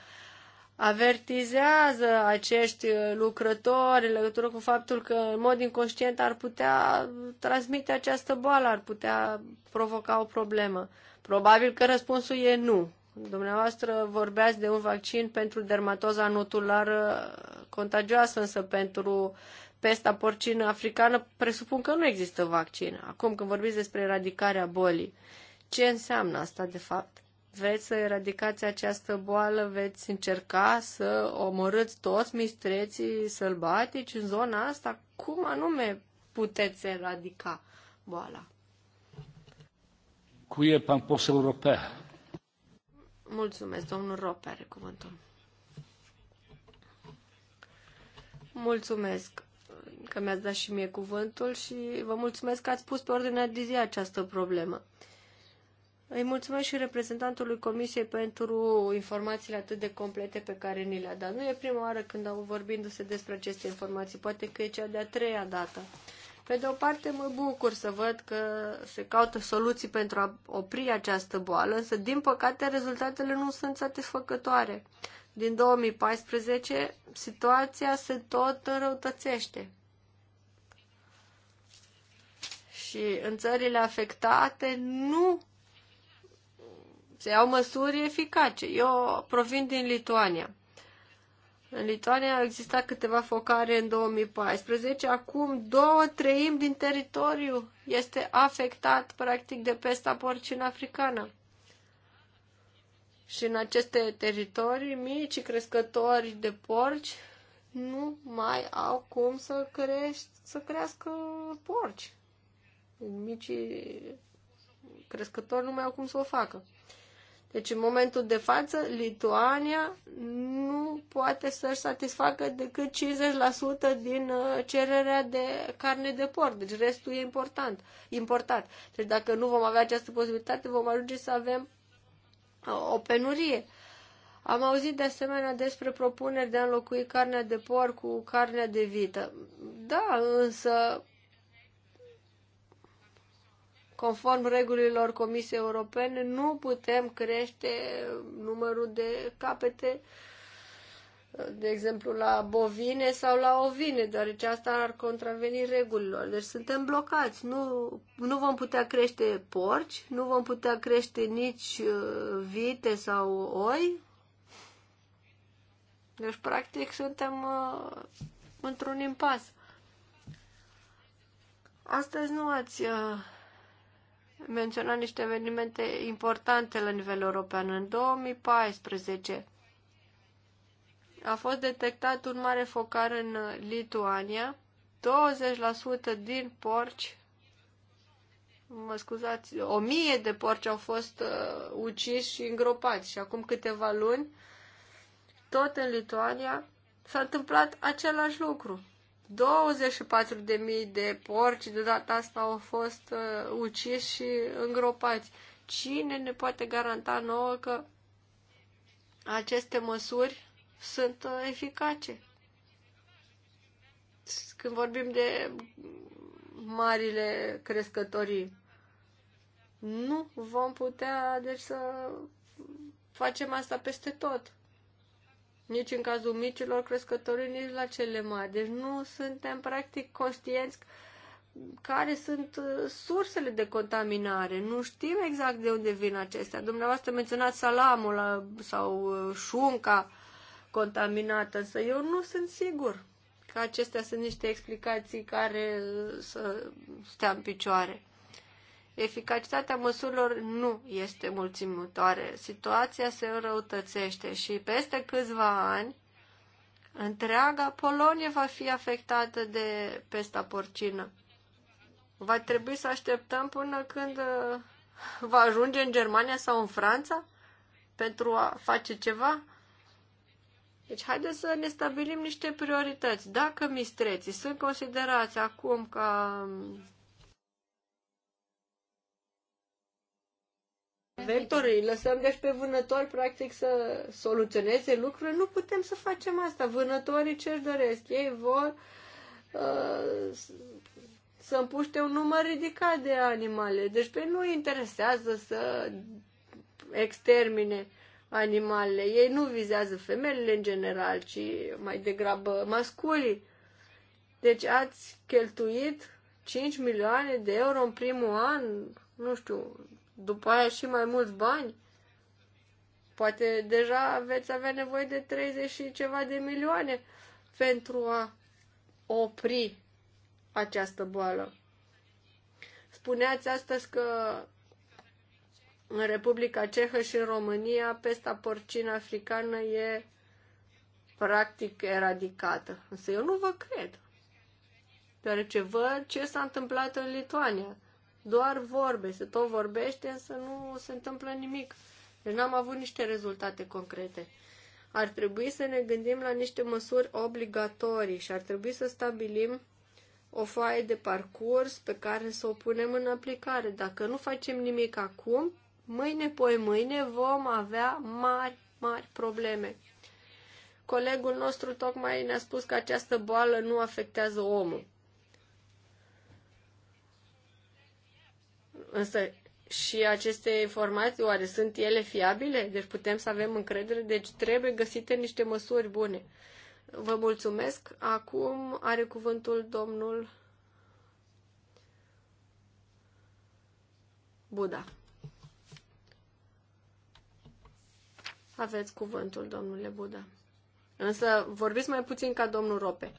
avertizează acești lucrători în legătură cu faptul că în mod inconștient ar putea transmite această boală, ar putea provoca o problemă. Probabil că răspunsul e nu. Dumneavoastră vorbeați de un vaccin pentru dermatoza nutulară contagioasă, însă pentru pesta porcină africană presupun că nu există vaccin. Acum, când vorbiți despre eradicarea bolii, ce înseamnă asta de fapt? Veți să eradicați această boală, veți încerca să omorâți toți mistreții sălbatici în zona asta? Cum anume puteți eradica boala? e pan poseu europea. Mulțumesc, domnul Rope are cuvântul. Mulțumesc că mi-ați dat și mie cuvântul și vă mulțumesc că ați pus pe ordinea de zi această problemă. Îi mulțumesc și reprezentantului Comisiei pentru informațiile atât de complete pe care ni le-a dat. Nu e prima oară când au vorbindu-se despre aceste informații, poate că e cea de-a treia dată. Pe de o parte, mă bucur să văd că se caută soluții pentru a opri această boală, însă, din păcate, rezultatele nu sunt satisfăcătoare. Din 2014, situația se tot înrăutățește. Și în țările afectate nu se iau măsuri eficace. Eu provin din Lituania în Lituania au existat câteva focare în 2014. Acum două treimi din teritoriu este afectat practic de pesta porcină africană. Și în aceste teritorii, mici crescători de porci nu mai au cum să, crești, să crească porci. Micii crescători nu mai au cum să o facă. Deci, în momentul de față, Lituania nu poate să-și satisfacă decât 50% din uh, cererea de carne de porc. Deci, restul e important, importat. Deci, dacă nu vom avea această posibilitate, vom ajunge să avem uh, o penurie. Am auzit de asemenea despre propuneri de a înlocui carnea de porc cu carnea de vită. Da, însă conform regulilor Comisiei Europene, nu putem crește numărul de capete, de exemplu, la bovine sau la ovine, deoarece asta ar contraveni regulilor. Deci suntem blocați. Nu, nu vom putea crește porci, nu vom putea crește nici uh, vite sau oi. Deci, practic, suntem uh, într-un impas. Astăzi nu ați uh, menționa niște evenimente importante la nivel european. În 2014 a fost detectat un mare focar în Lituania. 20% din porci, mă scuzați, o mie de porci au fost uh, uciși și îngropați. Și acum câteva luni, tot în Lituania, s-a întâmplat același lucru. 24.000 de porci de data asta au fost uh, uciși și îngropați. Cine ne poate garanta nouă că aceste măsuri sunt uh, eficace? Când vorbim de marile crescătorii, nu vom putea deci să facem asta peste tot nici în cazul micilor crescători, nici la cele mari. Deci nu suntem practic conștienți care sunt uh, sursele de contaminare. Nu știm exact de unde vin acestea. Dumneavoastră menționați salamul uh, sau uh, șunca contaminată, însă eu nu sunt sigur că acestea sunt niște explicații care să stea în picioare. Eficacitatea măsurilor nu este mulțumitoare. Situația se înrăutățește și peste câțiva ani întreaga Polonie va fi afectată de pesta porcină. Va trebui să așteptăm până când uh, va ajunge în Germania sau în Franța pentru a face ceva? Deci haideți să ne stabilim niște priorități. Dacă mistreții sunt considerați acum ca Vectorii, lăsăm deci pe vânători practic să soluționeze lucrurile, nu putem să facem asta. Vânătorii ce-și doresc? Ei vor uh, să împuște un număr ridicat de animale. Deci pe nu interesează să extermine animalele. Ei nu vizează femelele în general, ci mai degrabă masculii. Deci ați cheltuit 5 milioane de euro în primul an, nu știu, după aia și mai mulți bani, poate deja veți avea nevoie de 30 și ceva de milioane pentru a opri această boală. Spuneați astăzi că în Republica Cehă și în România pesta porcină africană e practic eradicată. Însă eu nu vă cred, deoarece văd ce s-a întâmplat în Lituania doar vorbe, se tot vorbește, însă nu se întâmplă nimic. Deci n-am avut niște rezultate concrete. Ar trebui să ne gândim la niște măsuri obligatorii și ar trebui să stabilim o foaie de parcurs pe care să o punem în aplicare. Dacă nu facem nimic acum, mâine, poi mâine vom avea mari, mari probleme. Colegul nostru tocmai ne-a spus că această boală nu afectează omul. Însă și aceste informații, oare sunt ele fiabile? Deci putem să avem încredere, deci trebuie găsite niște măsuri bune. Vă mulțumesc. Acum are cuvântul domnul Buda. Aveți cuvântul, domnule Buda. Însă vorbiți mai puțin ca domnul Rope.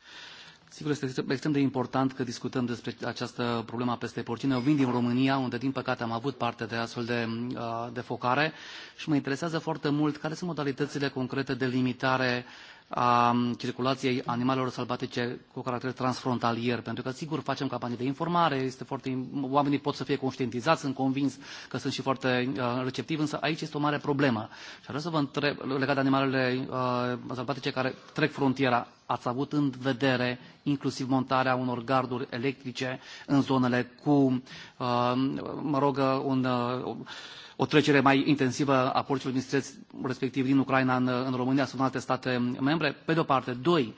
Sigur, este extrem de important că discutăm despre această problemă a peste porcine. Eu vin din România, unde, din păcate, am avut parte de astfel de, uh, de focare și mă interesează foarte mult care sunt modalitățile concrete de limitare a circulației animalelor sălbatice cu caracter transfrontalier, pentru că, sigur, facem campanii de informare, este foarte, oamenii pot să fie conștientizați, sunt convins că sunt și foarte uh, receptivi, însă aici este o mare problemă. Și vreau să vă întreb, legat de animalele uh, sălbatice care trec frontiera, ați avut în vedere inclusiv montarea unor garduri electrice în zonele cu, uh, mă rog, uh, un... Uh, o trecere mai intensivă a porților din respectiv din Ucraina în, în România sau în alte state membre, pe de o parte. Doi,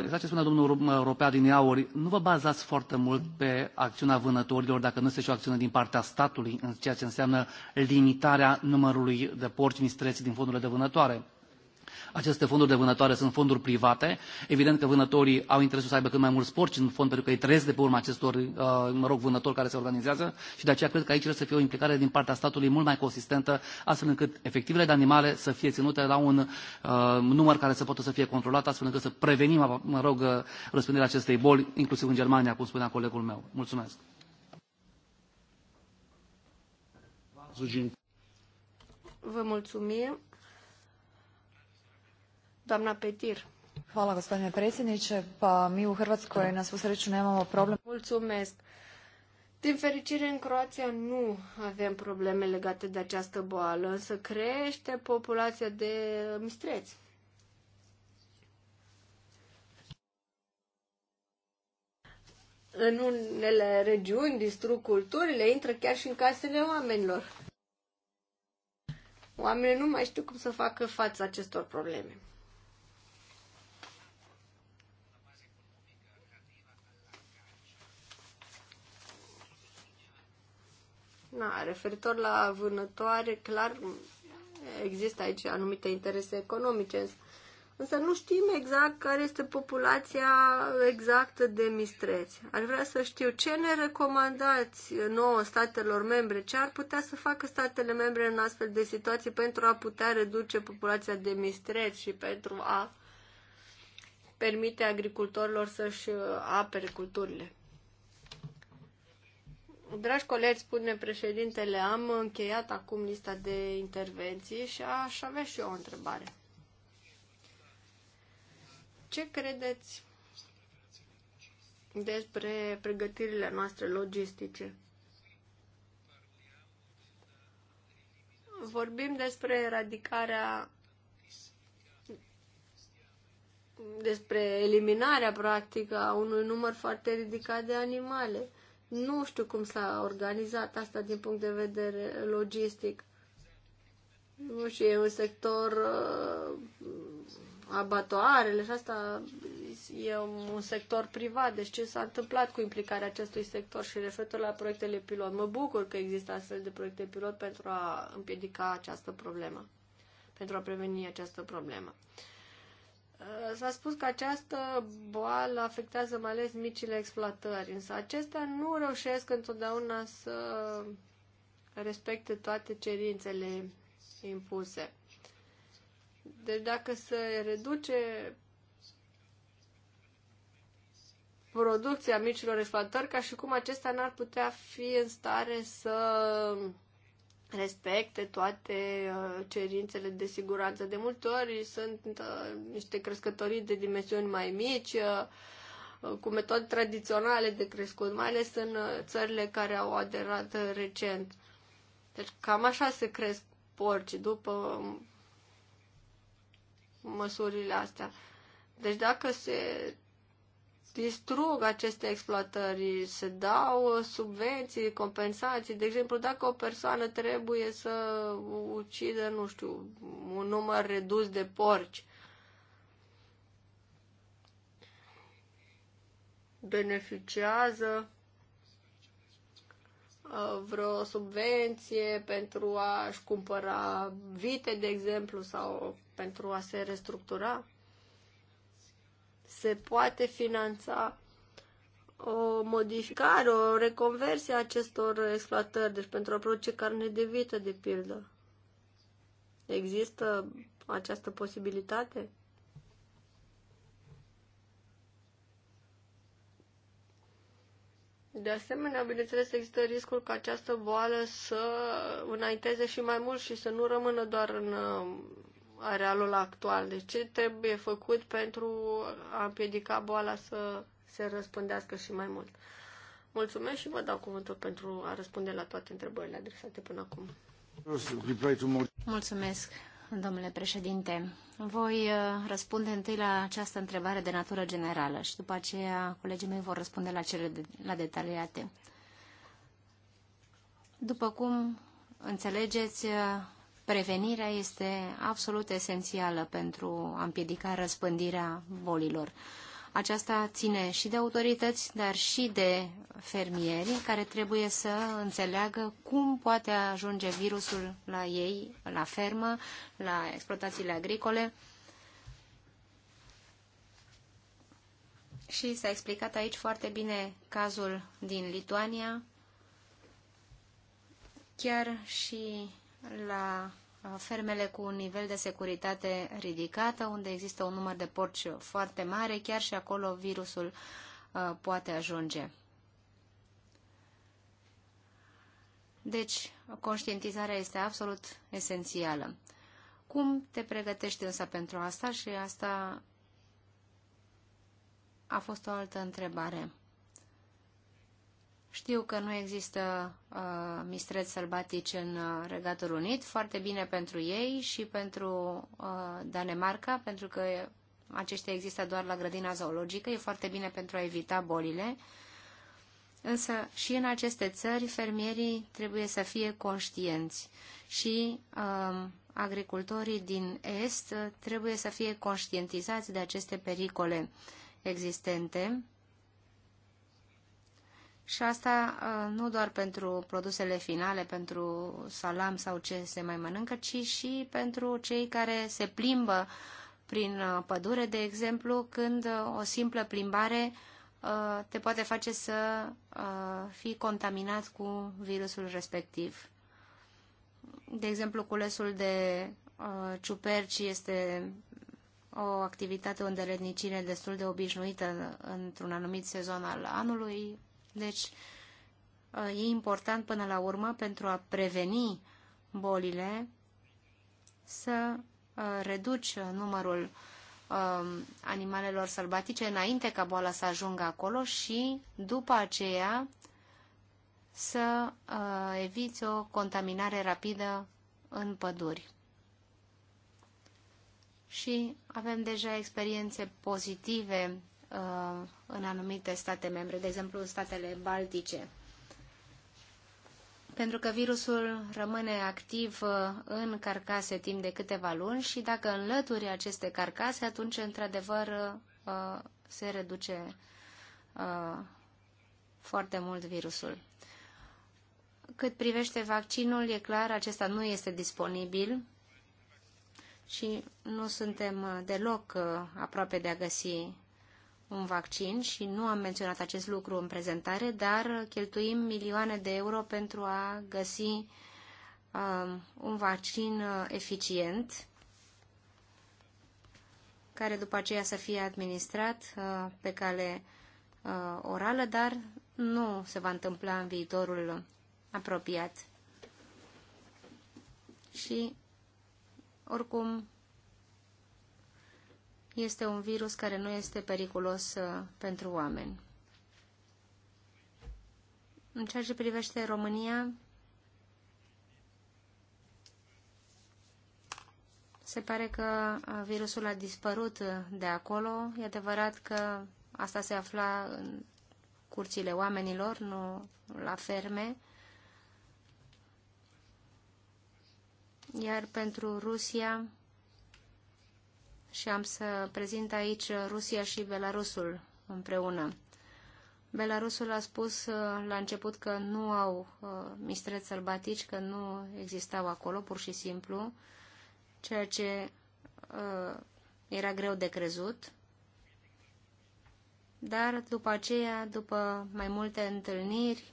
exact ce spunea domnul european uh, din Iauri, nu vă bazați foarte mult pe acțiunea vânătorilor dacă nu este și o acțiune din partea statului în ceea ce înseamnă limitarea numărului de porci mistreți din fondurile de vânătoare aceste fonduri de vânătoare sunt fonduri private. Evident că vânătorii au interesul să aibă cât mai mulți porci în fond, pentru că ei trăiesc de pe urma acestor, uh, mă rog, vânători care se organizează și de aceea cred că aici trebuie să fie o implicare din partea statului mult mai consistentă, astfel încât efectivele de animale să fie ținute la un uh, număr care să poată să fie controlat, astfel încât să prevenim, mă rog, uh, răspândirea acestei boli, inclusiv în Germania, cum spunea colegul meu. Mulțumesc! Vă mulțumim gospodine predsjednie Pa mi u Hrvatskoj, na svu sreu nemamo problem. Mulțumesc. Din fericire, în Croația nu avem probleme legate de această boală, însă crește populația de mistreți. În unele regiuni distrug culturile, intră chiar și în casele oamenilor. Oamenii nu mai știu cum să facă față acestor probleme. Na, referitor la vânătoare, clar există aici anumite interese economice, însă nu știm exact care este populația exactă de mistreți. Ar vrea să știu ce ne recomandați nouă statelor membre, ce ar putea să facă statele membre în astfel de situații pentru a putea reduce populația de mistreți și pentru a permite agricultorilor să-și apere culturile. Dragi colegi, spune președintele, am încheiat acum lista de intervenții și aș avea și eu o întrebare. Ce credeți despre pregătirile noastre logistice? Vorbim despre eradicarea despre eliminarea practică a unui număr foarte ridicat de animale. Nu știu cum s-a organizat asta din punct de vedere logistic. Nu știu, e un sector uh, abatoarele și asta e un sector privat. Deci ce s-a întâmplat cu implicarea acestui sector și referitor la proiectele pilot? Mă bucur că există astfel de proiecte pilot pentru a împiedica această problemă, pentru a preveni această problemă. Uh, Uh, s-a spus că această boală afectează mai ales micile exploatări, însă acestea nu reușesc întotdeauna să respecte toate cerințele impuse. Deci dacă se reduce producția micilor exploatări, ca și cum acestea n-ar putea fi în stare să respecte toate uh, cerințele de siguranță. De multe ori sunt uh, niște crescători de dimensiuni mai mici, uh, cu metode tradiționale de crescut, mai ales în țările care au aderat recent. Deci cam așa se cresc porci după um, măsurile astea. Deci dacă se distrug aceste exploatări, se dau subvenții, compensații. De exemplu, dacă o persoană trebuie să ucidă, nu știu, un număr redus de porci, beneficiază uh, vreo subvenție pentru a-și cumpăra vite, de exemplu, sau pentru a se restructura? se poate finanța o modificare, o reconversie a acestor exploatări, deci pentru a produce carne de vită, de pildă. Există această posibilitate? De asemenea, bineînțeles, există riscul ca această boală să înainteze și mai mult și să nu rămână doar în arealul actual. De deci, ce trebuie făcut pentru a împiedica boala să se răspândească și mai mult? Mulțumesc și vă dau cuvântul pentru a răspunde la toate întrebările adresate până acum. Mulțumesc, domnule președinte. Voi uh, răspunde întâi la această întrebare de natură generală și după aceea colegii mei vor răspunde la cele de, la detaliate. După cum înțelegeți, uh, prevenirea este absolut esențială pentru a împiedica răspândirea bolilor. Aceasta ține și de autorități, dar și de fermieri care trebuie să înțeleagă cum poate ajunge virusul la ei, la fermă, la exploatațiile agricole. Și s-a explicat aici foarte bine cazul din Lituania, chiar și la fermele cu un nivel de securitate ridicată, unde există un număr de porci foarte mare, chiar și acolo virusul poate ajunge. Deci, conștientizarea este absolut esențială. Cum te pregătești însă pentru asta? Și asta a fost o altă întrebare. Știu că nu există uh, mistreți sălbatici în uh, Regatul Unit, foarte bine pentru ei și pentru uh, Danemarca, pentru că aceștia există doar la grădina zoologică, e foarte bine pentru a evita bolile. Însă și în aceste țări fermierii trebuie să fie conștienți și uh, agricultorii din Est trebuie să fie conștientizați de aceste pericole existente și asta uh, nu doar pentru produsele finale, pentru salam sau ce se mai mănâncă, ci și pentru cei care se plimbă prin uh, pădure, de exemplu, când uh, o simplă plimbare te poate face să fii contaminat cu virusul respectiv. De exemplu, culesul de ciuperci este o activitate unde rădnicire destul de obișnuită într-un anumit sezon al anului, deci, uh, e important până la urmă pentru a preveni bolile să uh, reduci numărul um, animalelor sălbatice înainte ca boala să ajungă acolo și după aceea să uh, eviți o contaminare rapidă în păduri. Și avem deja experiențe pozitive Uh, în anumite state membre, de exemplu statele baltice. Pentru că virusul rămâne activ uh, în carcase timp de câteva luni și dacă înlături aceste carcase, atunci, într-adevăr, uh, se reduce foarte mult virusul. Cât privește vaccinul, e clar, acesta nu este disponibil și nu suntem deloc aproape de a găsi un vaccin și nu am menționat acest lucru în prezentare, dar cheltuim milioane de euro pentru a găsi uh, un vaccin uh, eficient care după aceea să fie administrat uh, pe cale uh, orală, dar nu se va întâmpla în viitorul apropiat. Și oricum este un virus care nu este periculos uh, pentru oameni. În ceea ce privește România, se pare că uh, virusul a dispărut uh, de acolo. E adevărat că asta se afla în curțile oamenilor, nu la ferme. Iar pentru Rusia, și am să prezint aici Rusia și Belarusul împreună. Belarusul a spus uh, la început că nu au uh, mistreți sălbatici, că nu existau acolo, pur și simplu, ceea ce uh, era greu de crezut. Dar după aceea, după mai multe întâlniri,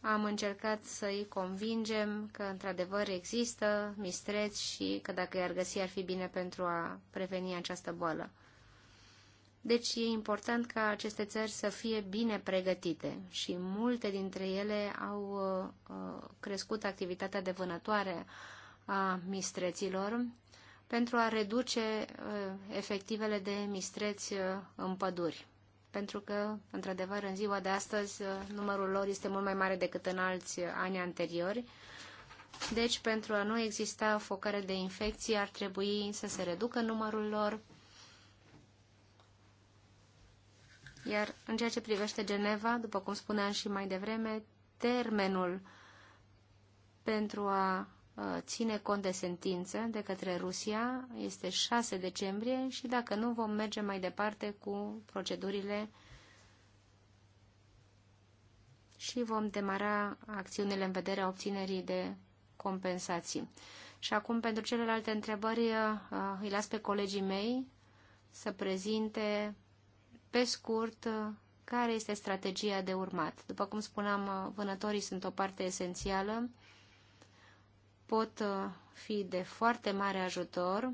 am încercat să-i convingem că într-adevăr există mistreți și că dacă i-ar găsi ar fi bine pentru a preveni această boală. Deci e important ca aceste țări să fie bine pregătite și multe dintre ele au uh, uh, crescut activitatea de vânătoare a mistreților pentru a reduce uh, efectivele de mistreți în păduri pentru că, într-adevăr, în ziua de astăzi uh, numărul lor este mult mai mare decât în alți uh, ani anteriori. Deci, pentru a nu exista focare de infecții, ar trebui să se reducă numărul lor. Iar în ceea ce privește Geneva, după cum spuneam și mai devreme, termenul pentru a Uh, ține cont de sentință de către Rusia, este 6 decembrie și dacă nu vom merge mai departe cu procedurile și vom demara acțiunile în vederea obținerii de compensații. Și acum, pentru celelalte întrebări, uh, uh, îi las pe colegii mei să prezinte pe scurt care este strategia de urmat. După cum spuneam, vânătorii sunt o parte esențială pot uh, fi de foarte mare ajutor,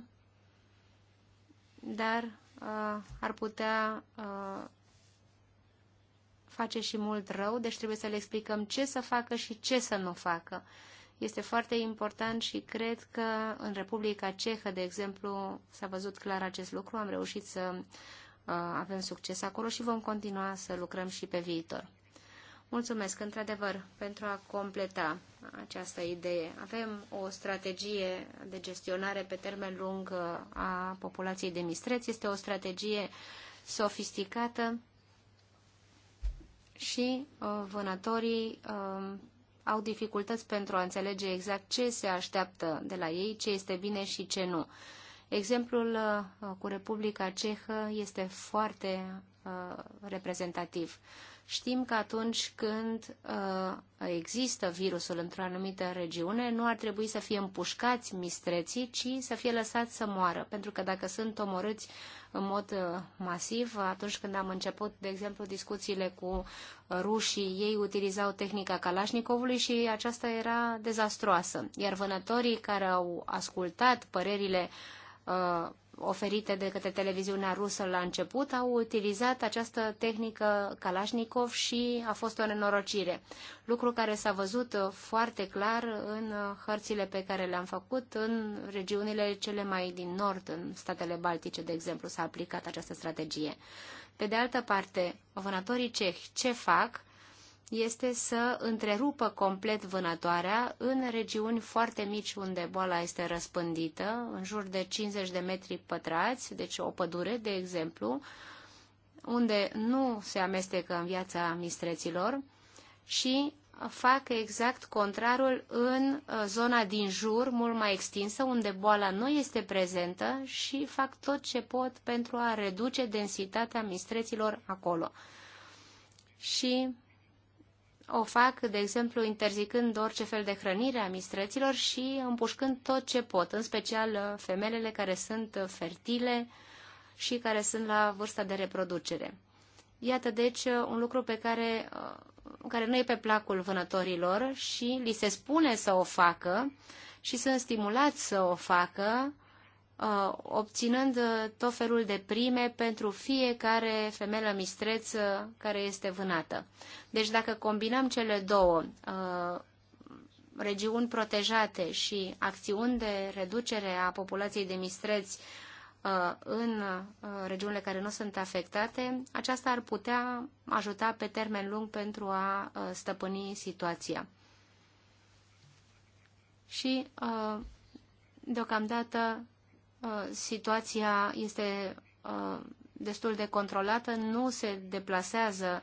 dar uh, ar putea uh, face și mult rău, deci trebuie să le explicăm ce să facă și ce să nu facă. Este foarte important și cred că în Republica Cehă, de exemplu, s-a văzut clar acest lucru, am reușit să avem succes acolo și vom continua să lucrăm și pe viitor. Mulțumesc, într-adevăr, pentru a completa această idee. Avem o strategie de gestionare pe termen lung a populației de mistreți. Este o strategie sofisticată și uh, vânătorii um, au dificultăți pentru a înțelege exact ce se așteaptă de la ei, ce este bine și ce nu. Exemplul uh, cu Republica Cehă este foarte uh, reprezentativ. Știm că atunci când uh, există virusul într-o anumită regiune, nu ar trebui să fie împușcați mistreții, ci să fie lăsați să moară. Pentru că dacă sunt omorâți în mod uh, masiv, atunci când am început, de exemplu, discuțiile cu rușii, ei utilizau tehnica Kalashnikovului și aceasta era dezastroasă. Iar vânătorii care au ascultat părerile uh, oferite de către televiziunea rusă la început, au utilizat această tehnică Kalashnikov și a fost o nenorocire. Lucru care s-a văzut foarte clar în hărțile pe care le-am făcut în regiunile cele mai din nord, în statele baltice, de exemplu, s-a aplicat această strategie. Pe de altă parte, vânătorii cehi ce fac? este să întrerupă complet vânătoarea în regiuni foarte mici unde boala este răspândită, în jur de 50 de metri pătrați, deci o pădure, de exemplu, unde nu se amestecă în viața mistreților și fac exact contrarul în uh, zona din jur, mult mai extinsă, unde boala nu este prezentă și fac tot ce pot pentru a reduce densitatea mistreților acolo. Și o fac, de exemplu, interzicând orice fel de hrănire a mistreților și împușcând tot ce pot, în special uh, femelele care sunt fertile și care sunt la vârsta de reproducere. Iată, deci, uh, un lucru pe care, uh, care nu e pe placul vânătorilor și li se spune să o facă și sunt stimulați să o facă Uh, obținând uh, tot felul de prime pentru fiecare femelă mistreță care este vânată. Deci dacă combinăm cele două, uh, regiuni protejate și acțiuni de reducere a populației de mistreți în regiunile care nu sunt afectate, aceasta ar putea ajuta pe termen lung pentru a stăpâni situația. Și deocamdată Uh, situația este uh, destul de controlată, nu se deplasează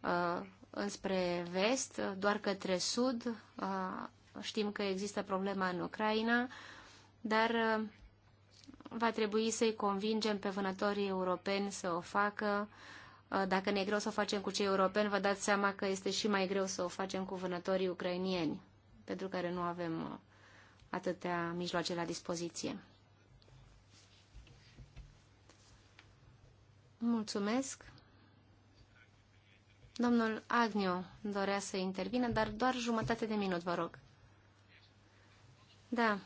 uh, înspre vest, doar către sud. Știm că există problema în Ucraina, dar va trebui să-i convingem pe vânătorii europeni să o facă. Dacă ne e greu să o facem cu cei europeni, vă dați seama că este și mai greu să o facem cu vânătorii ucrainieni, pentru care nu avem atâtea mijloace la dispoziție. Mulțumesc. Domnul Agniu dorea să intervină, dar doar jumătate de minut, vă rog. Da.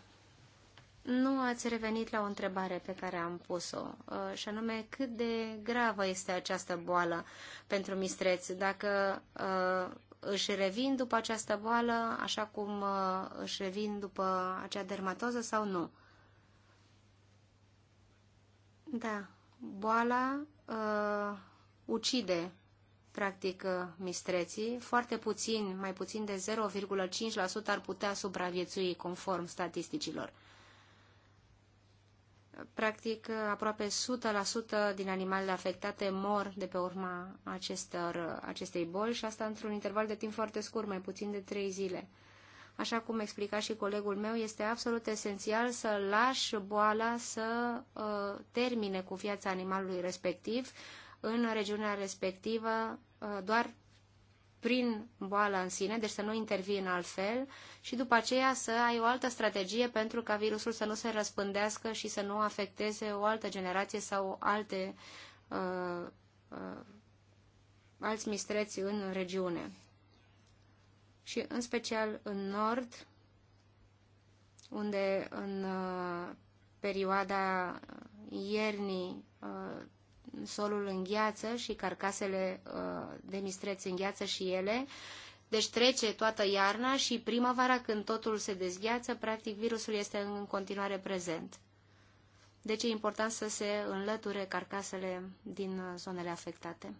Nu ați revenit la o întrebare pe care am pus-o, uh, și anume cât de gravă este această boală pentru mistreți. Dacă uh, își revin după această boală, așa cum uh, își revin după acea dermatoză sau nu. Da, boala uh, ucide practic uh, mistreții, foarte puțin, mai puțin de 0,5% ar putea supraviețui conform statisticilor. Practic, uh, aproape 100% din animalele afectate mor de pe urma acestor, uh, acestei boli și asta într-un interval de timp foarte scurt, mai puțin de 3 zile așa cum explica și colegul meu, este absolut esențial să lași boala să uh, termine cu viața animalului respectiv în regiunea respectivă uh, doar prin boala în sine, deci să nu intervii în altfel și după aceea să ai o altă strategie pentru ca virusul să nu se răspândească și să nu afecteze o altă generație sau alte uh, uh, alți mistreți în regiune și în special în nord, unde în uh, perioada iernii uh, solul îngheață și carcasele uh, de mistreți îngheață și ele, deci trece toată iarna și primăvara, când totul se dezgheață, practic virusul este în continuare prezent. Deci e important să se înlăture carcasele din zonele afectate.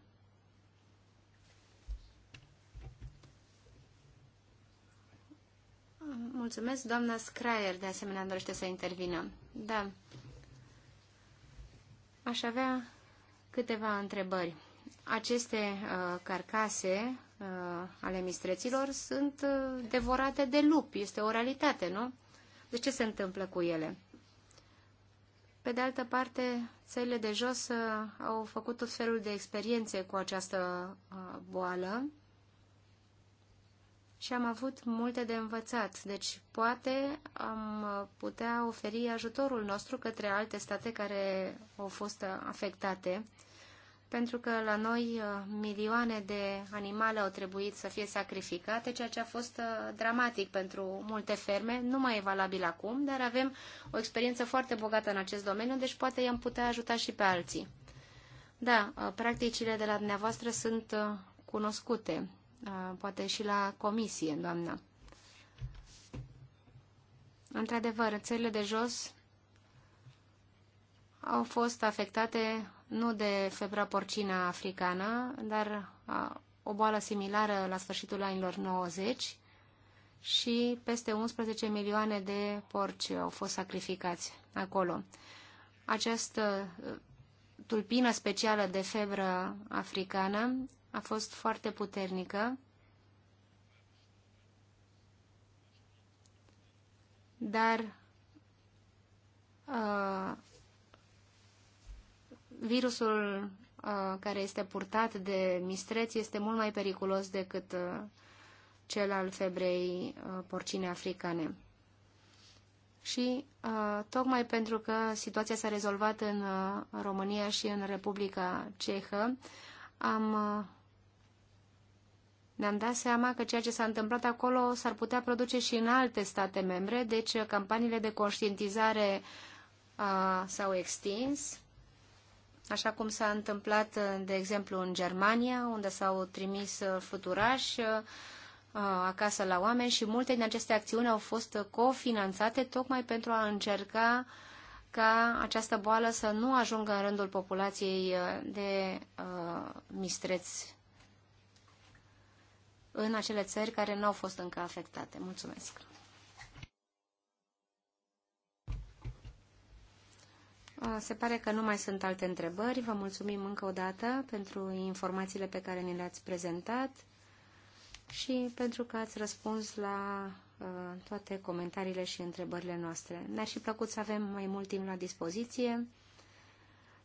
Mulțumesc, doamna Scraier, de asemenea, dorește să intervină. Da. Aș avea câteva întrebări. Aceste uh, carcase uh, ale mistreților sunt uh, devorate de lupi. Este o realitate, nu? De deci ce se întâmplă cu ele? Pe de altă parte, țările de jos uh, au făcut tot felul de experiențe cu această uh, boală și am avut multe de învățat. Deci, poate am putea oferi ajutorul nostru către alte state care au fost afectate, pentru că la noi uh, milioane de animale au trebuit să fie sacrificate, ceea ce a fost uh, dramatic pentru multe ferme. Nu mai e valabil acum, dar avem o experiență foarte bogată în acest domeniu, deci poate i-am putea ajuta și pe alții. Da, uh, practicile de la dumneavoastră sunt cunoscute poate și la comisie, doamnă. Într-adevăr, țările de jos au fost afectate nu de febra porcina africană, dar o boală similară la sfârșitul anilor 90 și peste 11 milioane de porci au fost sacrificați acolo. Această tulpină specială de febră africană a fost foarte puternică, dar uh, virusul uh, care este purtat de mistreți este mult mai periculos decât uh, cel al febrei uh, porcine africane. Și uh, tocmai pentru că situația s-a rezolvat în uh, România și în Republica Cehă, am uh, ne-am dat seama că ceea ce s-a întâmplat acolo s-ar putea produce și în alte state membre, deci uh, campaniile de conștientizare uh, s-au extins, așa cum s-a întâmplat, uh, de exemplu, în Germania, unde s-au trimis fluturași acasă la oameni și multe din aceste acțiuni au fost cofinanțate tocmai pentru a încerca ca această boală să nu ajungă în rândul populației de uh, mistreți în acele țări care nu au fost încă afectate. Mulțumesc! Se pare că nu mai sunt alte întrebări. Vă mulțumim încă o dată pentru informațiile pe care ni le-ați prezentat și pentru că ați răspuns la toate comentariile și întrebările noastre. Ne-ar fi plăcut să avem mai mult timp la dispoziție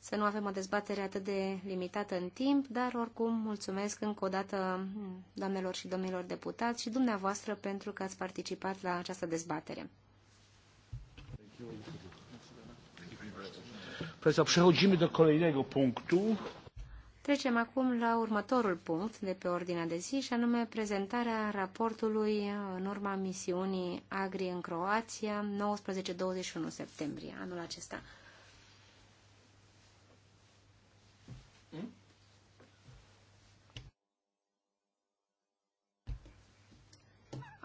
să nu avem o dezbatere atât de limitată în timp, dar oricum mulțumesc încă o dată mm, doamnelor și domnilor deputați și dumneavoastră pentru că ați participat la această dezbatere. Trecem acum la următorul punct de pe ordinea de zi, și anume prezentarea raportului în urma misiunii Agri în Croația, 19-21 septembrie anul acesta.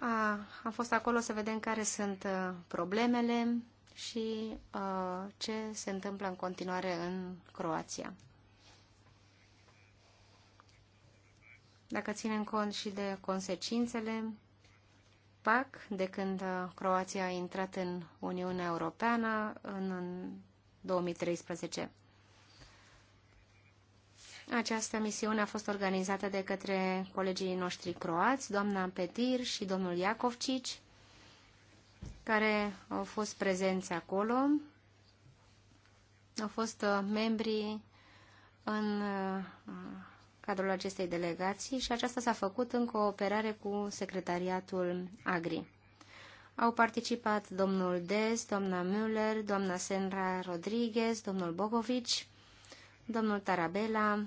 A, am fost acolo să vedem care sunt uh, problemele și uh, ce se întâmplă în continuare în Croația. Dacă ținem cont și de consecințele PAC, de când uh, Croația a intrat în Uniunea Europeană în, în 2013. Această misiune a fost organizată de către colegii noștri croați, doamna Petir și domnul Iacovcici, care au fost prezenți acolo. Au fost uh, membri în uh, cadrul acestei delegații și aceasta s-a făcut în cooperare cu Secretariatul Agri. Au participat domnul Des, doamna Müller, doamna Senra Rodriguez, domnul Bogovici, domnul Tarabella,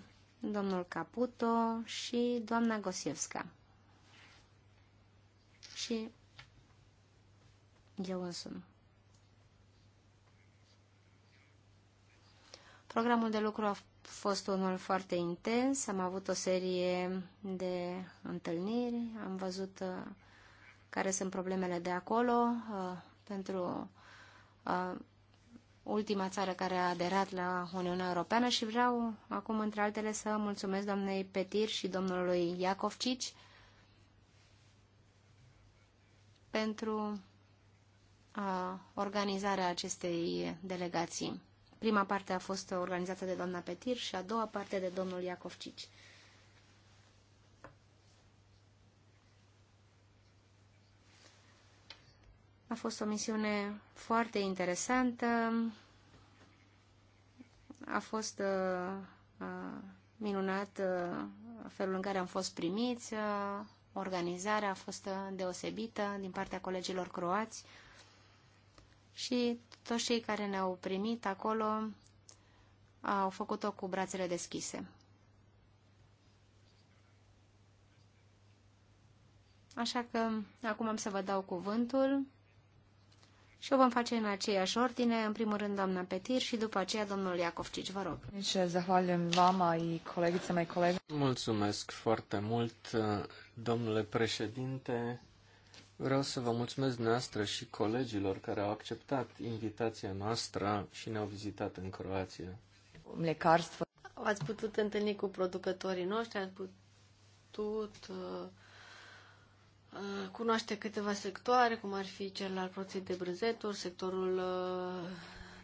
domnul Caputo și doamna Gosievska. Și eu însumi. Programul de lucru a fost unul foarte intens, am avut o serie de întâlniri, am văzut uh, care sunt problemele de acolo uh, pentru uh, ultima țară care a aderat la Uniunea Europeană și vreau acum, între altele, să mulțumesc doamnei Petir și domnului Iacovcici pentru a, organizarea acestei delegații. Prima parte a fost organizată de doamna Petir și a doua parte de domnul Iacovcici. A fost o misiune foarte interesantă. A fost uh, uh, minunat uh, felul în care am fost primiți. Uh, organizarea a fost uh, deosebită din partea colegilor croați și toți cei care ne-au primit acolo au făcut-o cu brațele deschise. Așa că acum am să vă dau cuvântul și o vom face în aceeași ordine, în primul rând doamna Petir și după aceea domnul Iacovcici, vă rog. Mulțumesc foarte mult, domnule președinte. Vreau să vă mulțumesc noastră și colegilor care au acceptat invitația noastră și ne-au vizitat în Croația. Ați putut întâlni cu producătorii noștri, ați putut uh, Uh, cunoaște câteva sectoare, cum ar fi cel al proței de brânzeturi, sectorul uh,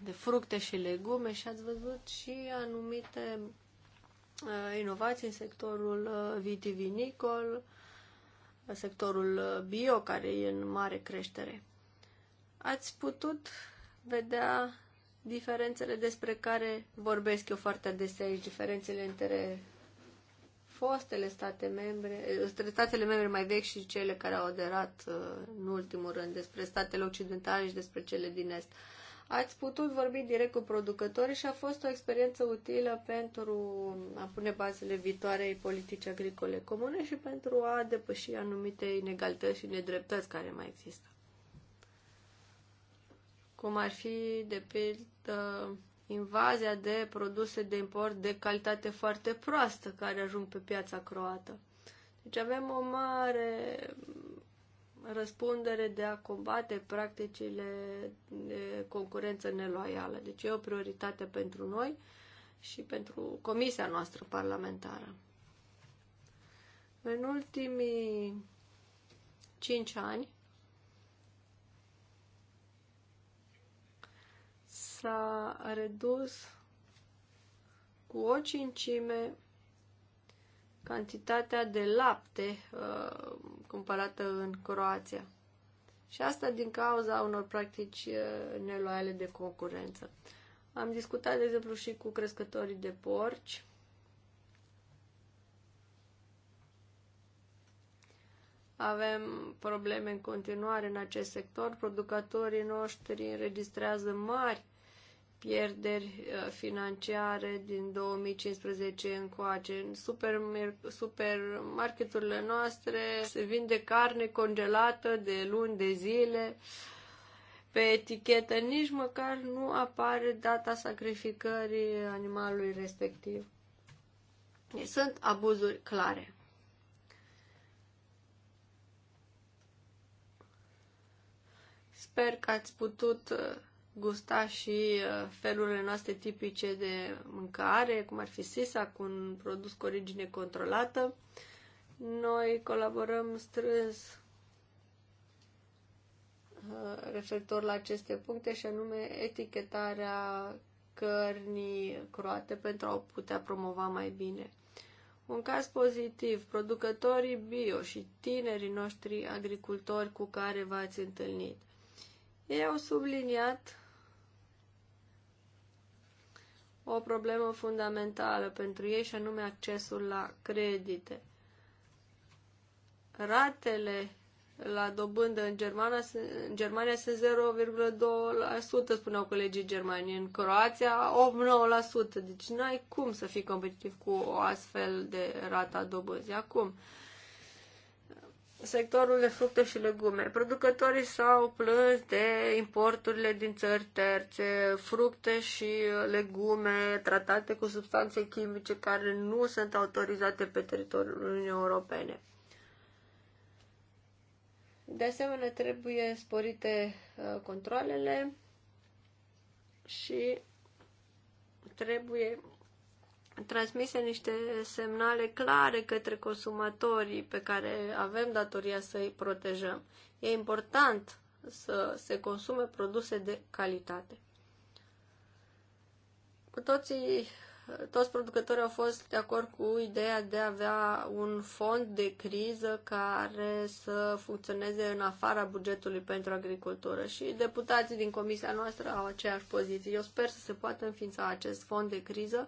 de fructe și legume și ați văzut și anumite uh, inovații în sectorul vitivinicol, sectorul bio, care e în mare creștere. Ați putut vedea diferențele despre care vorbesc eu foarte adesea aici, diferențele între fostele state membre, ă, statele membre mai vechi și cele care au aderat ă, în ultimul rând despre statele occidentale și despre cele din Est. Ați putut vorbi direct cu producătorii și a fost o experiență utilă pentru a pune bazele viitoarei politici agricole comune și pentru a depăși anumite inegalități și nedreptăți care mai există. Cum ar fi, de pildă, invazia de produse de import de calitate foarte proastă care ajung pe piața croată. Deci avem o mare răspundere de a combate practicile de concurență neloială. Deci e o prioritate pentru noi și pentru comisia noastră parlamentară. În ultimii cinci ani s-a redus cu o cincime cantitatea de lapte uh, cumpărată în Croația. Și asta din cauza unor practici uh, neloiale de concurență. Am discutat, de exemplu, și cu crescătorii de porci. Avem probleme în continuare în acest sector. Producătorii noștri înregistrează mari pierderi uh, financiare din 2015 încoace. În supermarketurile noastre se vinde carne congelată de luni de zile. Pe etichetă nici măcar nu apare data sacrificării animalului respectiv. Sunt abuzuri clare. Sper că ați putut uh, gusta și uh, felurile noastre tipice de mâncare, cum ar fi sisa, cu un produs cu origine controlată. Noi colaborăm strâns uh, referitor la aceste puncte și anume etichetarea cărnii croate pentru a o putea promova mai bine. Un caz pozitiv, producătorii bio și tinerii noștri agricultori cu care v-ați întâlnit. Ei au subliniat o problemă fundamentală pentru ei și anume accesul la credite. Ratele la dobândă în Germania, în Germania sunt 0,2%, spuneau colegii germani. În Croația 8-9%. Deci n-ai cum să fii competitiv cu o astfel de rata dobânzii. Acum, uh, sectorul de fructe și legume. Producătorii s-au plâns de importurile din țări terțe, fructe și legume tratate cu substanțe chimice care nu sunt autorizate pe teritoriul Uniunii Europene. De asemenea, trebuie sporite uh, controlele și trebuie transmise niște semnale clare către consumatorii pe care avem datoria să îi protejăm. E important să se consume produse de calitate. Cu toții, toți producătorii au fost de acord cu ideea de a avea un fond de criză care să funcționeze în afara bugetului pentru agricultură și deputații din comisia noastră au aceeași poziție. Eu sper să se poată înființa acest fond de criză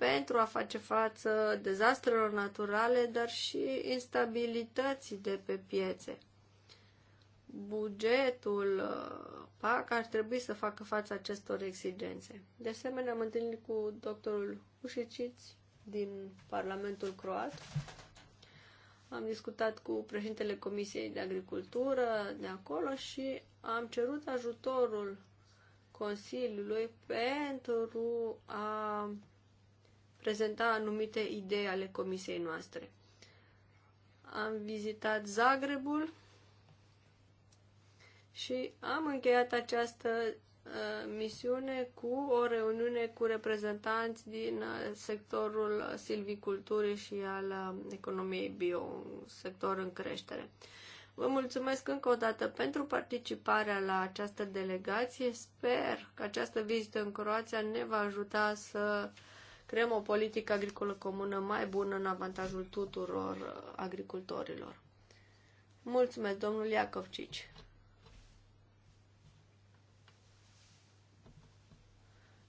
pentru a face față dezastrelor naturale, dar și instabilității de pe piețe. Bugetul uh, PAC ar trebui să facă față acestor exigențe. De asemenea, am întâlnit cu doctorul Ușiciți din Parlamentul Croat. Am discutat cu președintele Comisiei de Agricultură de acolo și am cerut ajutorul Consiliului pentru a prezenta anumite idei ale comisiei noastre. Am vizitat Zagrebul și am încheiat această uh, misiune cu o reuniune cu reprezentanți din uh, sectorul silviculturii și al uh, economiei bio, un sector în creștere. Vă mulțumesc încă o dată pentru participarea la această delegație. Sper că această vizită în Croația ne va ajuta să uh, creăm o politică agricolă comună mai bună în avantajul tuturor uh, agricultorilor. Mulțumesc, domnul Iacovcici.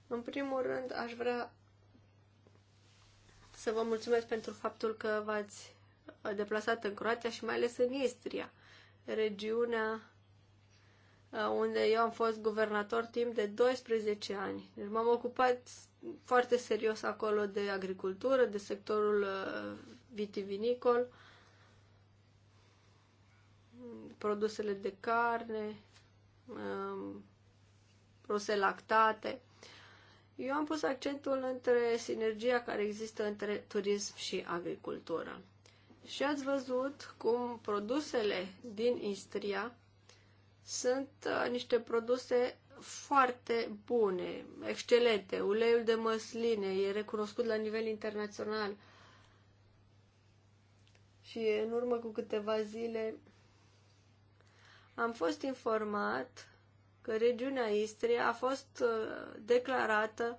În primul rând, aș vrea să vă mulțumesc pentru faptul că v-ați uh, deplasat în Croația și mai ales în Istria, regiunea Uh, unde eu am fost guvernator timp de 12 ani. Deci m-am ocupat foarte serios acolo de agricultură, de sectorul uh, vitivinicol, produsele de carne, um, produse lactate. Eu am pus accentul între sinergia care există între turism și agricultură. Și ați văzut cum produsele din Istria sunt uh, niște produse foarte bune, excelente. Uleiul de măsline e recunoscut la nivel internațional. Și în urmă cu câteva zile am fost informat că regiunea Istria a fost uh, declarată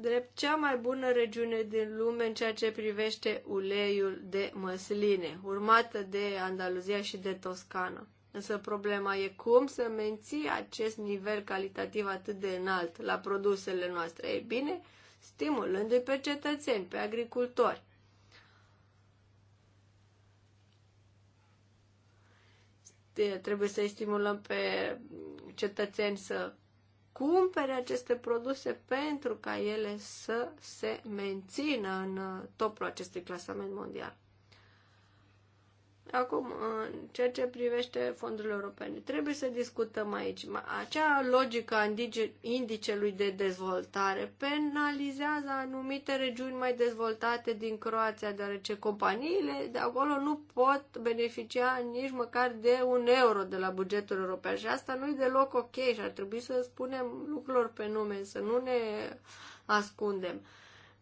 drept cea mai bună regiune din lume în ceea ce privește uleiul de măsline, urmată de Andaluzia și de Toscana. Însă problema e cum să menții acest nivel calitativ atât de înalt la produsele noastre. Ei bine, stimulându-i pe cetățeni, pe agricultori. Trebuie să-i stimulăm pe cetățeni să cumpere aceste produse pentru ca ele să se mențină în uh, topul acestui clasament mondial. Acum, în ceea ce privește fondurile europene, trebuie să discutăm aici. Acea logică a indicelui de dezvoltare penalizează anumite regiuni mai dezvoltate din Croația, deoarece companiile de acolo nu pot beneficia nici măcar de un euro de la bugetul european. Și asta nu e deloc ok și ar trebui să spunem lucrurilor pe nume, să nu ne ascundem. Uh,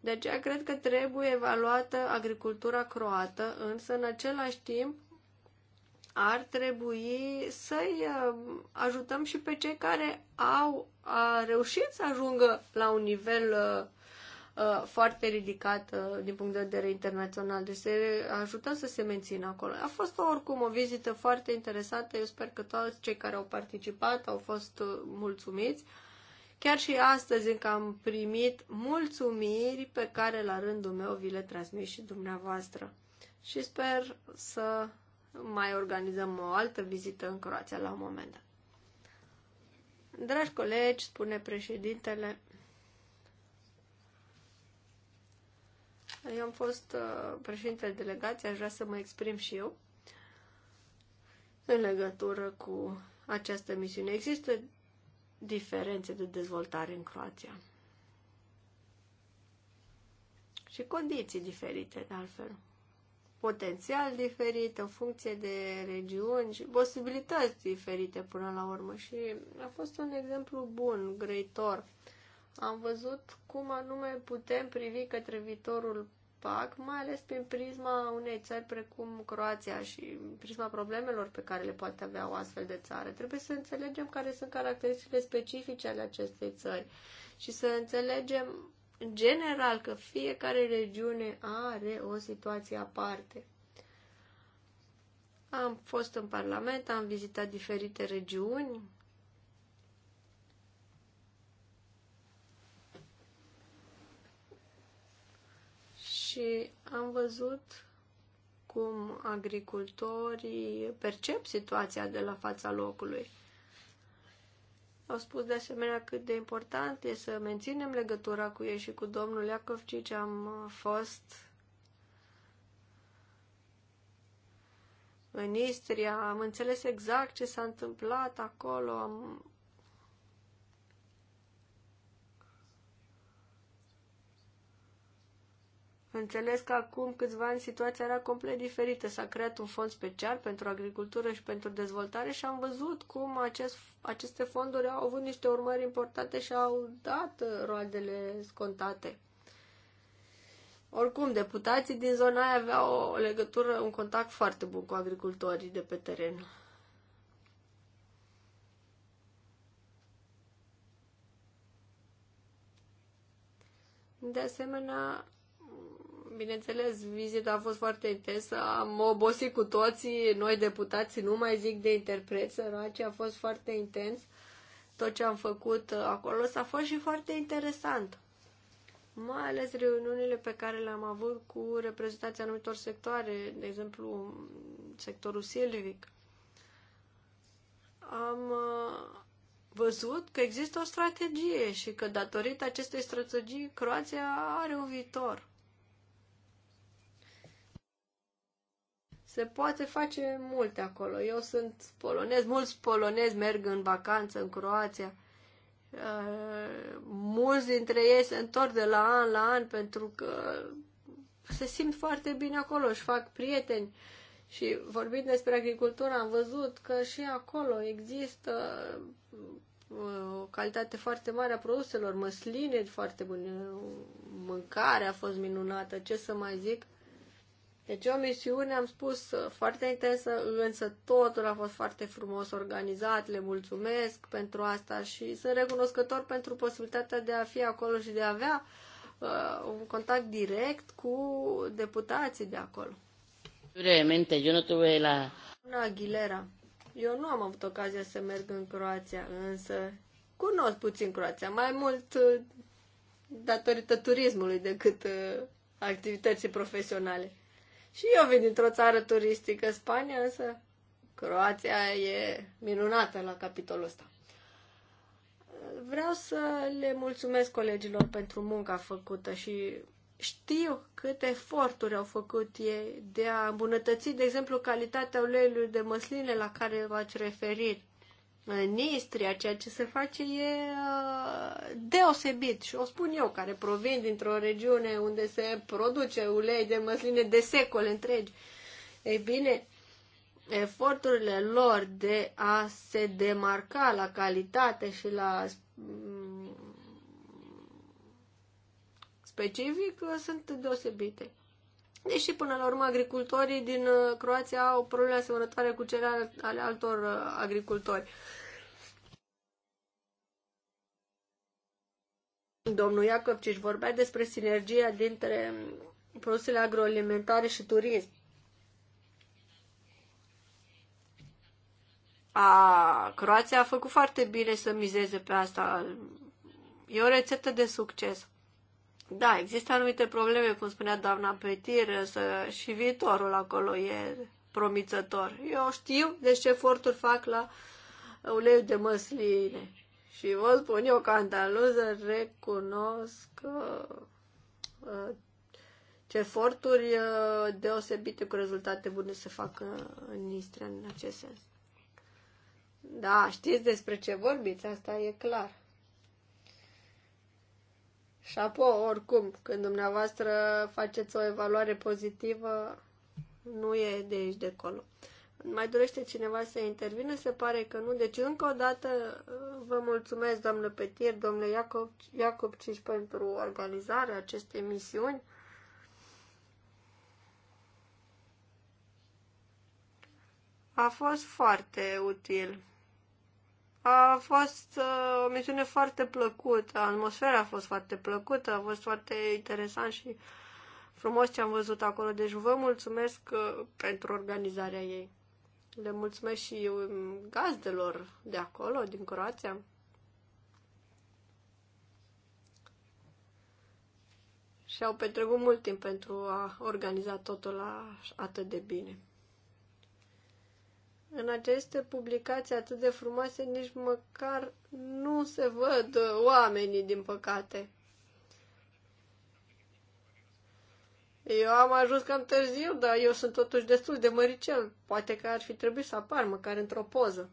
de aceea cred că trebuie evaluată agricultura croată, însă în același timp ar trebui să-i uh, ajutăm și pe cei care au a reușit să ajungă la un nivel uh, uh, foarte ridicat din punct de vedere internațional. Deci să ajutăm să se mențină acolo. A fost oricum o vizită foarte interesantă. Eu sper că toți cei care au participat au fost mulțumiți. Chiar și astăzi încă am primit mulțumiri pe care la rândul meu vi le transmit și dumneavoastră. Și sper să mai organizăm o altă vizită în Croația la un moment dat. Dragi colegi, spune președintele, eu am fost uh, președintele delegației, aș vrea să mă exprim și eu în legătură cu această misiune. Există diferențe de dezvoltare în Croația. Și condiții diferite, de altfel. Potențial diferit în funcție de regiuni și posibilități diferite până la urmă. Și a fost un exemplu bun, greitor. Am văzut cum anume putem privi către viitorul fac, mai ales prin prisma unei țări precum Croația și prisma problemelor pe care le poate avea o astfel de țară. Trebuie să înțelegem care sunt caracteristicile specifice ale acestei țări și să înțelegem în general că fiecare regiune are o situație aparte. Am fost în Parlament, am vizitat diferite regiuni, și am văzut cum agricultorii percep situația de la fața locului. Au spus de asemenea cât de important e să menținem legătura cu ei și cu domnul ce am fost în Istria, am înțeles exact ce s-a întâmplat acolo, am Înțeles că acum câțiva ani situația era complet diferită. S-a creat un fond special pentru agricultură și pentru dezvoltare și am văzut cum acest, aceste fonduri au avut niște urmări importante și au dat uh, roadele scontate. Oricum, deputații din zona aia aveau o legătură, un contact foarte bun cu agricultorii de pe teren. De asemenea, Bineînțeles, vizita a fost foarte intensă, am obosit cu toții, noi deputații, nu mai zic de interpret, săraci, a fost foarte intens. Tot ce am făcut uh, acolo s-a fost și foarte interesant. Mai ales reuniunile pe care le-am avut cu reprezentanții anumitor sectoare, de exemplu, sectorul silvic. Am uh, văzut că există o strategie și că datorită acestei strategii Croația are un viitor. se poate face multe acolo. Eu sunt polonez, mulți polonezi merg în vacanță în Croația. Uh, mulți dintre ei se întorc de la an la an pentru că se simt foarte bine acolo, își fac prieteni. Și vorbind despre agricultură, am văzut că și acolo există uh, o calitate foarte mare a produselor, măsline foarte bune, mâncarea a fost minunată, ce să mai zic. Deci o misiune, am spus, uh, foarte intensă, însă totul a fost foarte frumos organizat, le mulțumesc pentru asta și sunt recunoscător pentru posibilitatea de a fi acolo și de a avea uh, un contact direct cu deputații de acolo. Brevemente, eu nu tuve la... Una Aguilera. Eu nu am avut ocazia să merg în Croația, însă cunosc puțin Croația, mai mult uh, datorită turismului decât uh, activității profesionale. Și eu vin dintr-o țară turistică, Spania, însă Croația e minunată la capitolul ăsta. Vreau să le mulțumesc colegilor pentru munca făcută și știu câte eforturi au făcut ei de a îmbunătăți, de exemplu, calitatea uleiului de măsline la care v-ați referit în Istria, ceea ce se face e uh, deosebit și o spun eu, care provin dintr-o regiune unde se produce ulei de măsline de secole întregi. Ei bine, eforturile lor de a se demarca la calitate și la mm, specific sunt deosebite. Deși, până la urmă, agricultorii din uh, Croația au probleme asemănătoare cu cele ale altor uh, agricultori. Domnul Iacobciș vorbea despre sinergia dintre um, produsele agroalimentare și turism. A, Croația a făcut foarte bine să mizeze pe asta. E o rețetă de succes. Da, există anumite probleme, cum spunea doamna Petir, să și viitorul acolo e promițător. Eu știu de ce eforturi fac la uleiul de măsline. Și vă spun eu ca andaluză, recunosc că, uh, ce eforturi uh, deosebite cu rezultate bune se fac uh, în Istria în acest sens. Da, știți despre ce vorbiți, asta e clar. Și apoi, oricum, când dumneavoastră faceți o evaluare pozitivă, nu e de aici de acolo. Mai dorește cineva să intervină? Se pare că nu. Deci, încă o dată, vă mulțumesc, doamnă Petir, domnule Iacob, Iacob Ciș, pentru organizarea acestei misiuni. A fost foarte util a fost uh, o misiune foarte plăcută, atmosfera a fost foarte plăcută, a fost foarte interesant și frumos ce am văzut acolo. Deci vă mulțumesc uh, pentru organizarea ei. Le mulțumesc și um, gazdelor de acolo, din Croația. Și au petrecut mult timp pentru a organiza totul atât de bine în aceste publicații atât de frumoase nici măcar nu se văd oamenii, din păcate. Eu am ajuns cam târziu, dar eu sunt totuși destul de măricel. Poate că ar fi trebuit să apar măcar într-o poză.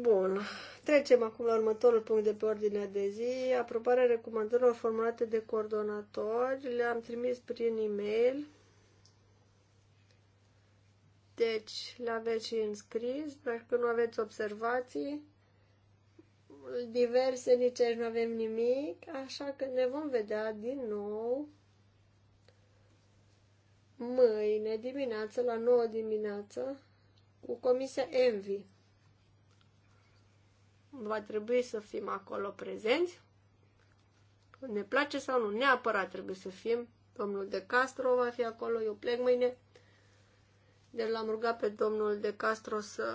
Bun. Trecem acum la următorul punct de pe ordinea de zi. Aprobarea recomandărilor formulate de coordonatori. Le-am trimis prin e-mail. Deci, le aveți și înscris. Dacă nu aveți observații, diverse, nici aici nu avem nimic, așa că ne vom vedea din nou mâine dimineață, la 9 dimineață, cu Comisia Envi. Va trebui să fim acolo prezenți. Ne place sau nu, neapărat trebuie să fim. Domnul De Castro va fi acolo, eu plec mâine de deci l-am rugat pe domnul de Castro să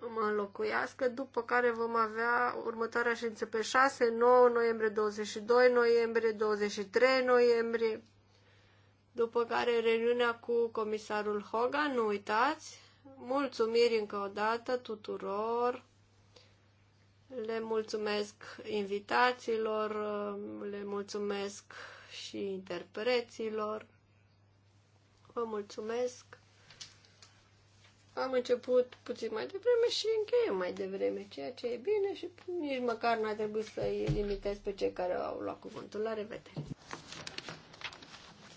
mă înlocuiască, după care vom avea următoarea ședință pe 6, 9 noiembrie, 22 noiembrie, 23 noiembrie, după care reuniunea cu comisarul Hogan, nu uitați, mulțumiri încă o dată tuturor, le mulțumesc invitațiilor, le mulțumesc și interpreților, vă mulțumesc am început puțin mai devreme și încheiem mai devreme, ceea ce e bine și nici măcar n a trebuit să-i limitez pe cei care au luat cuvântul. La revedere!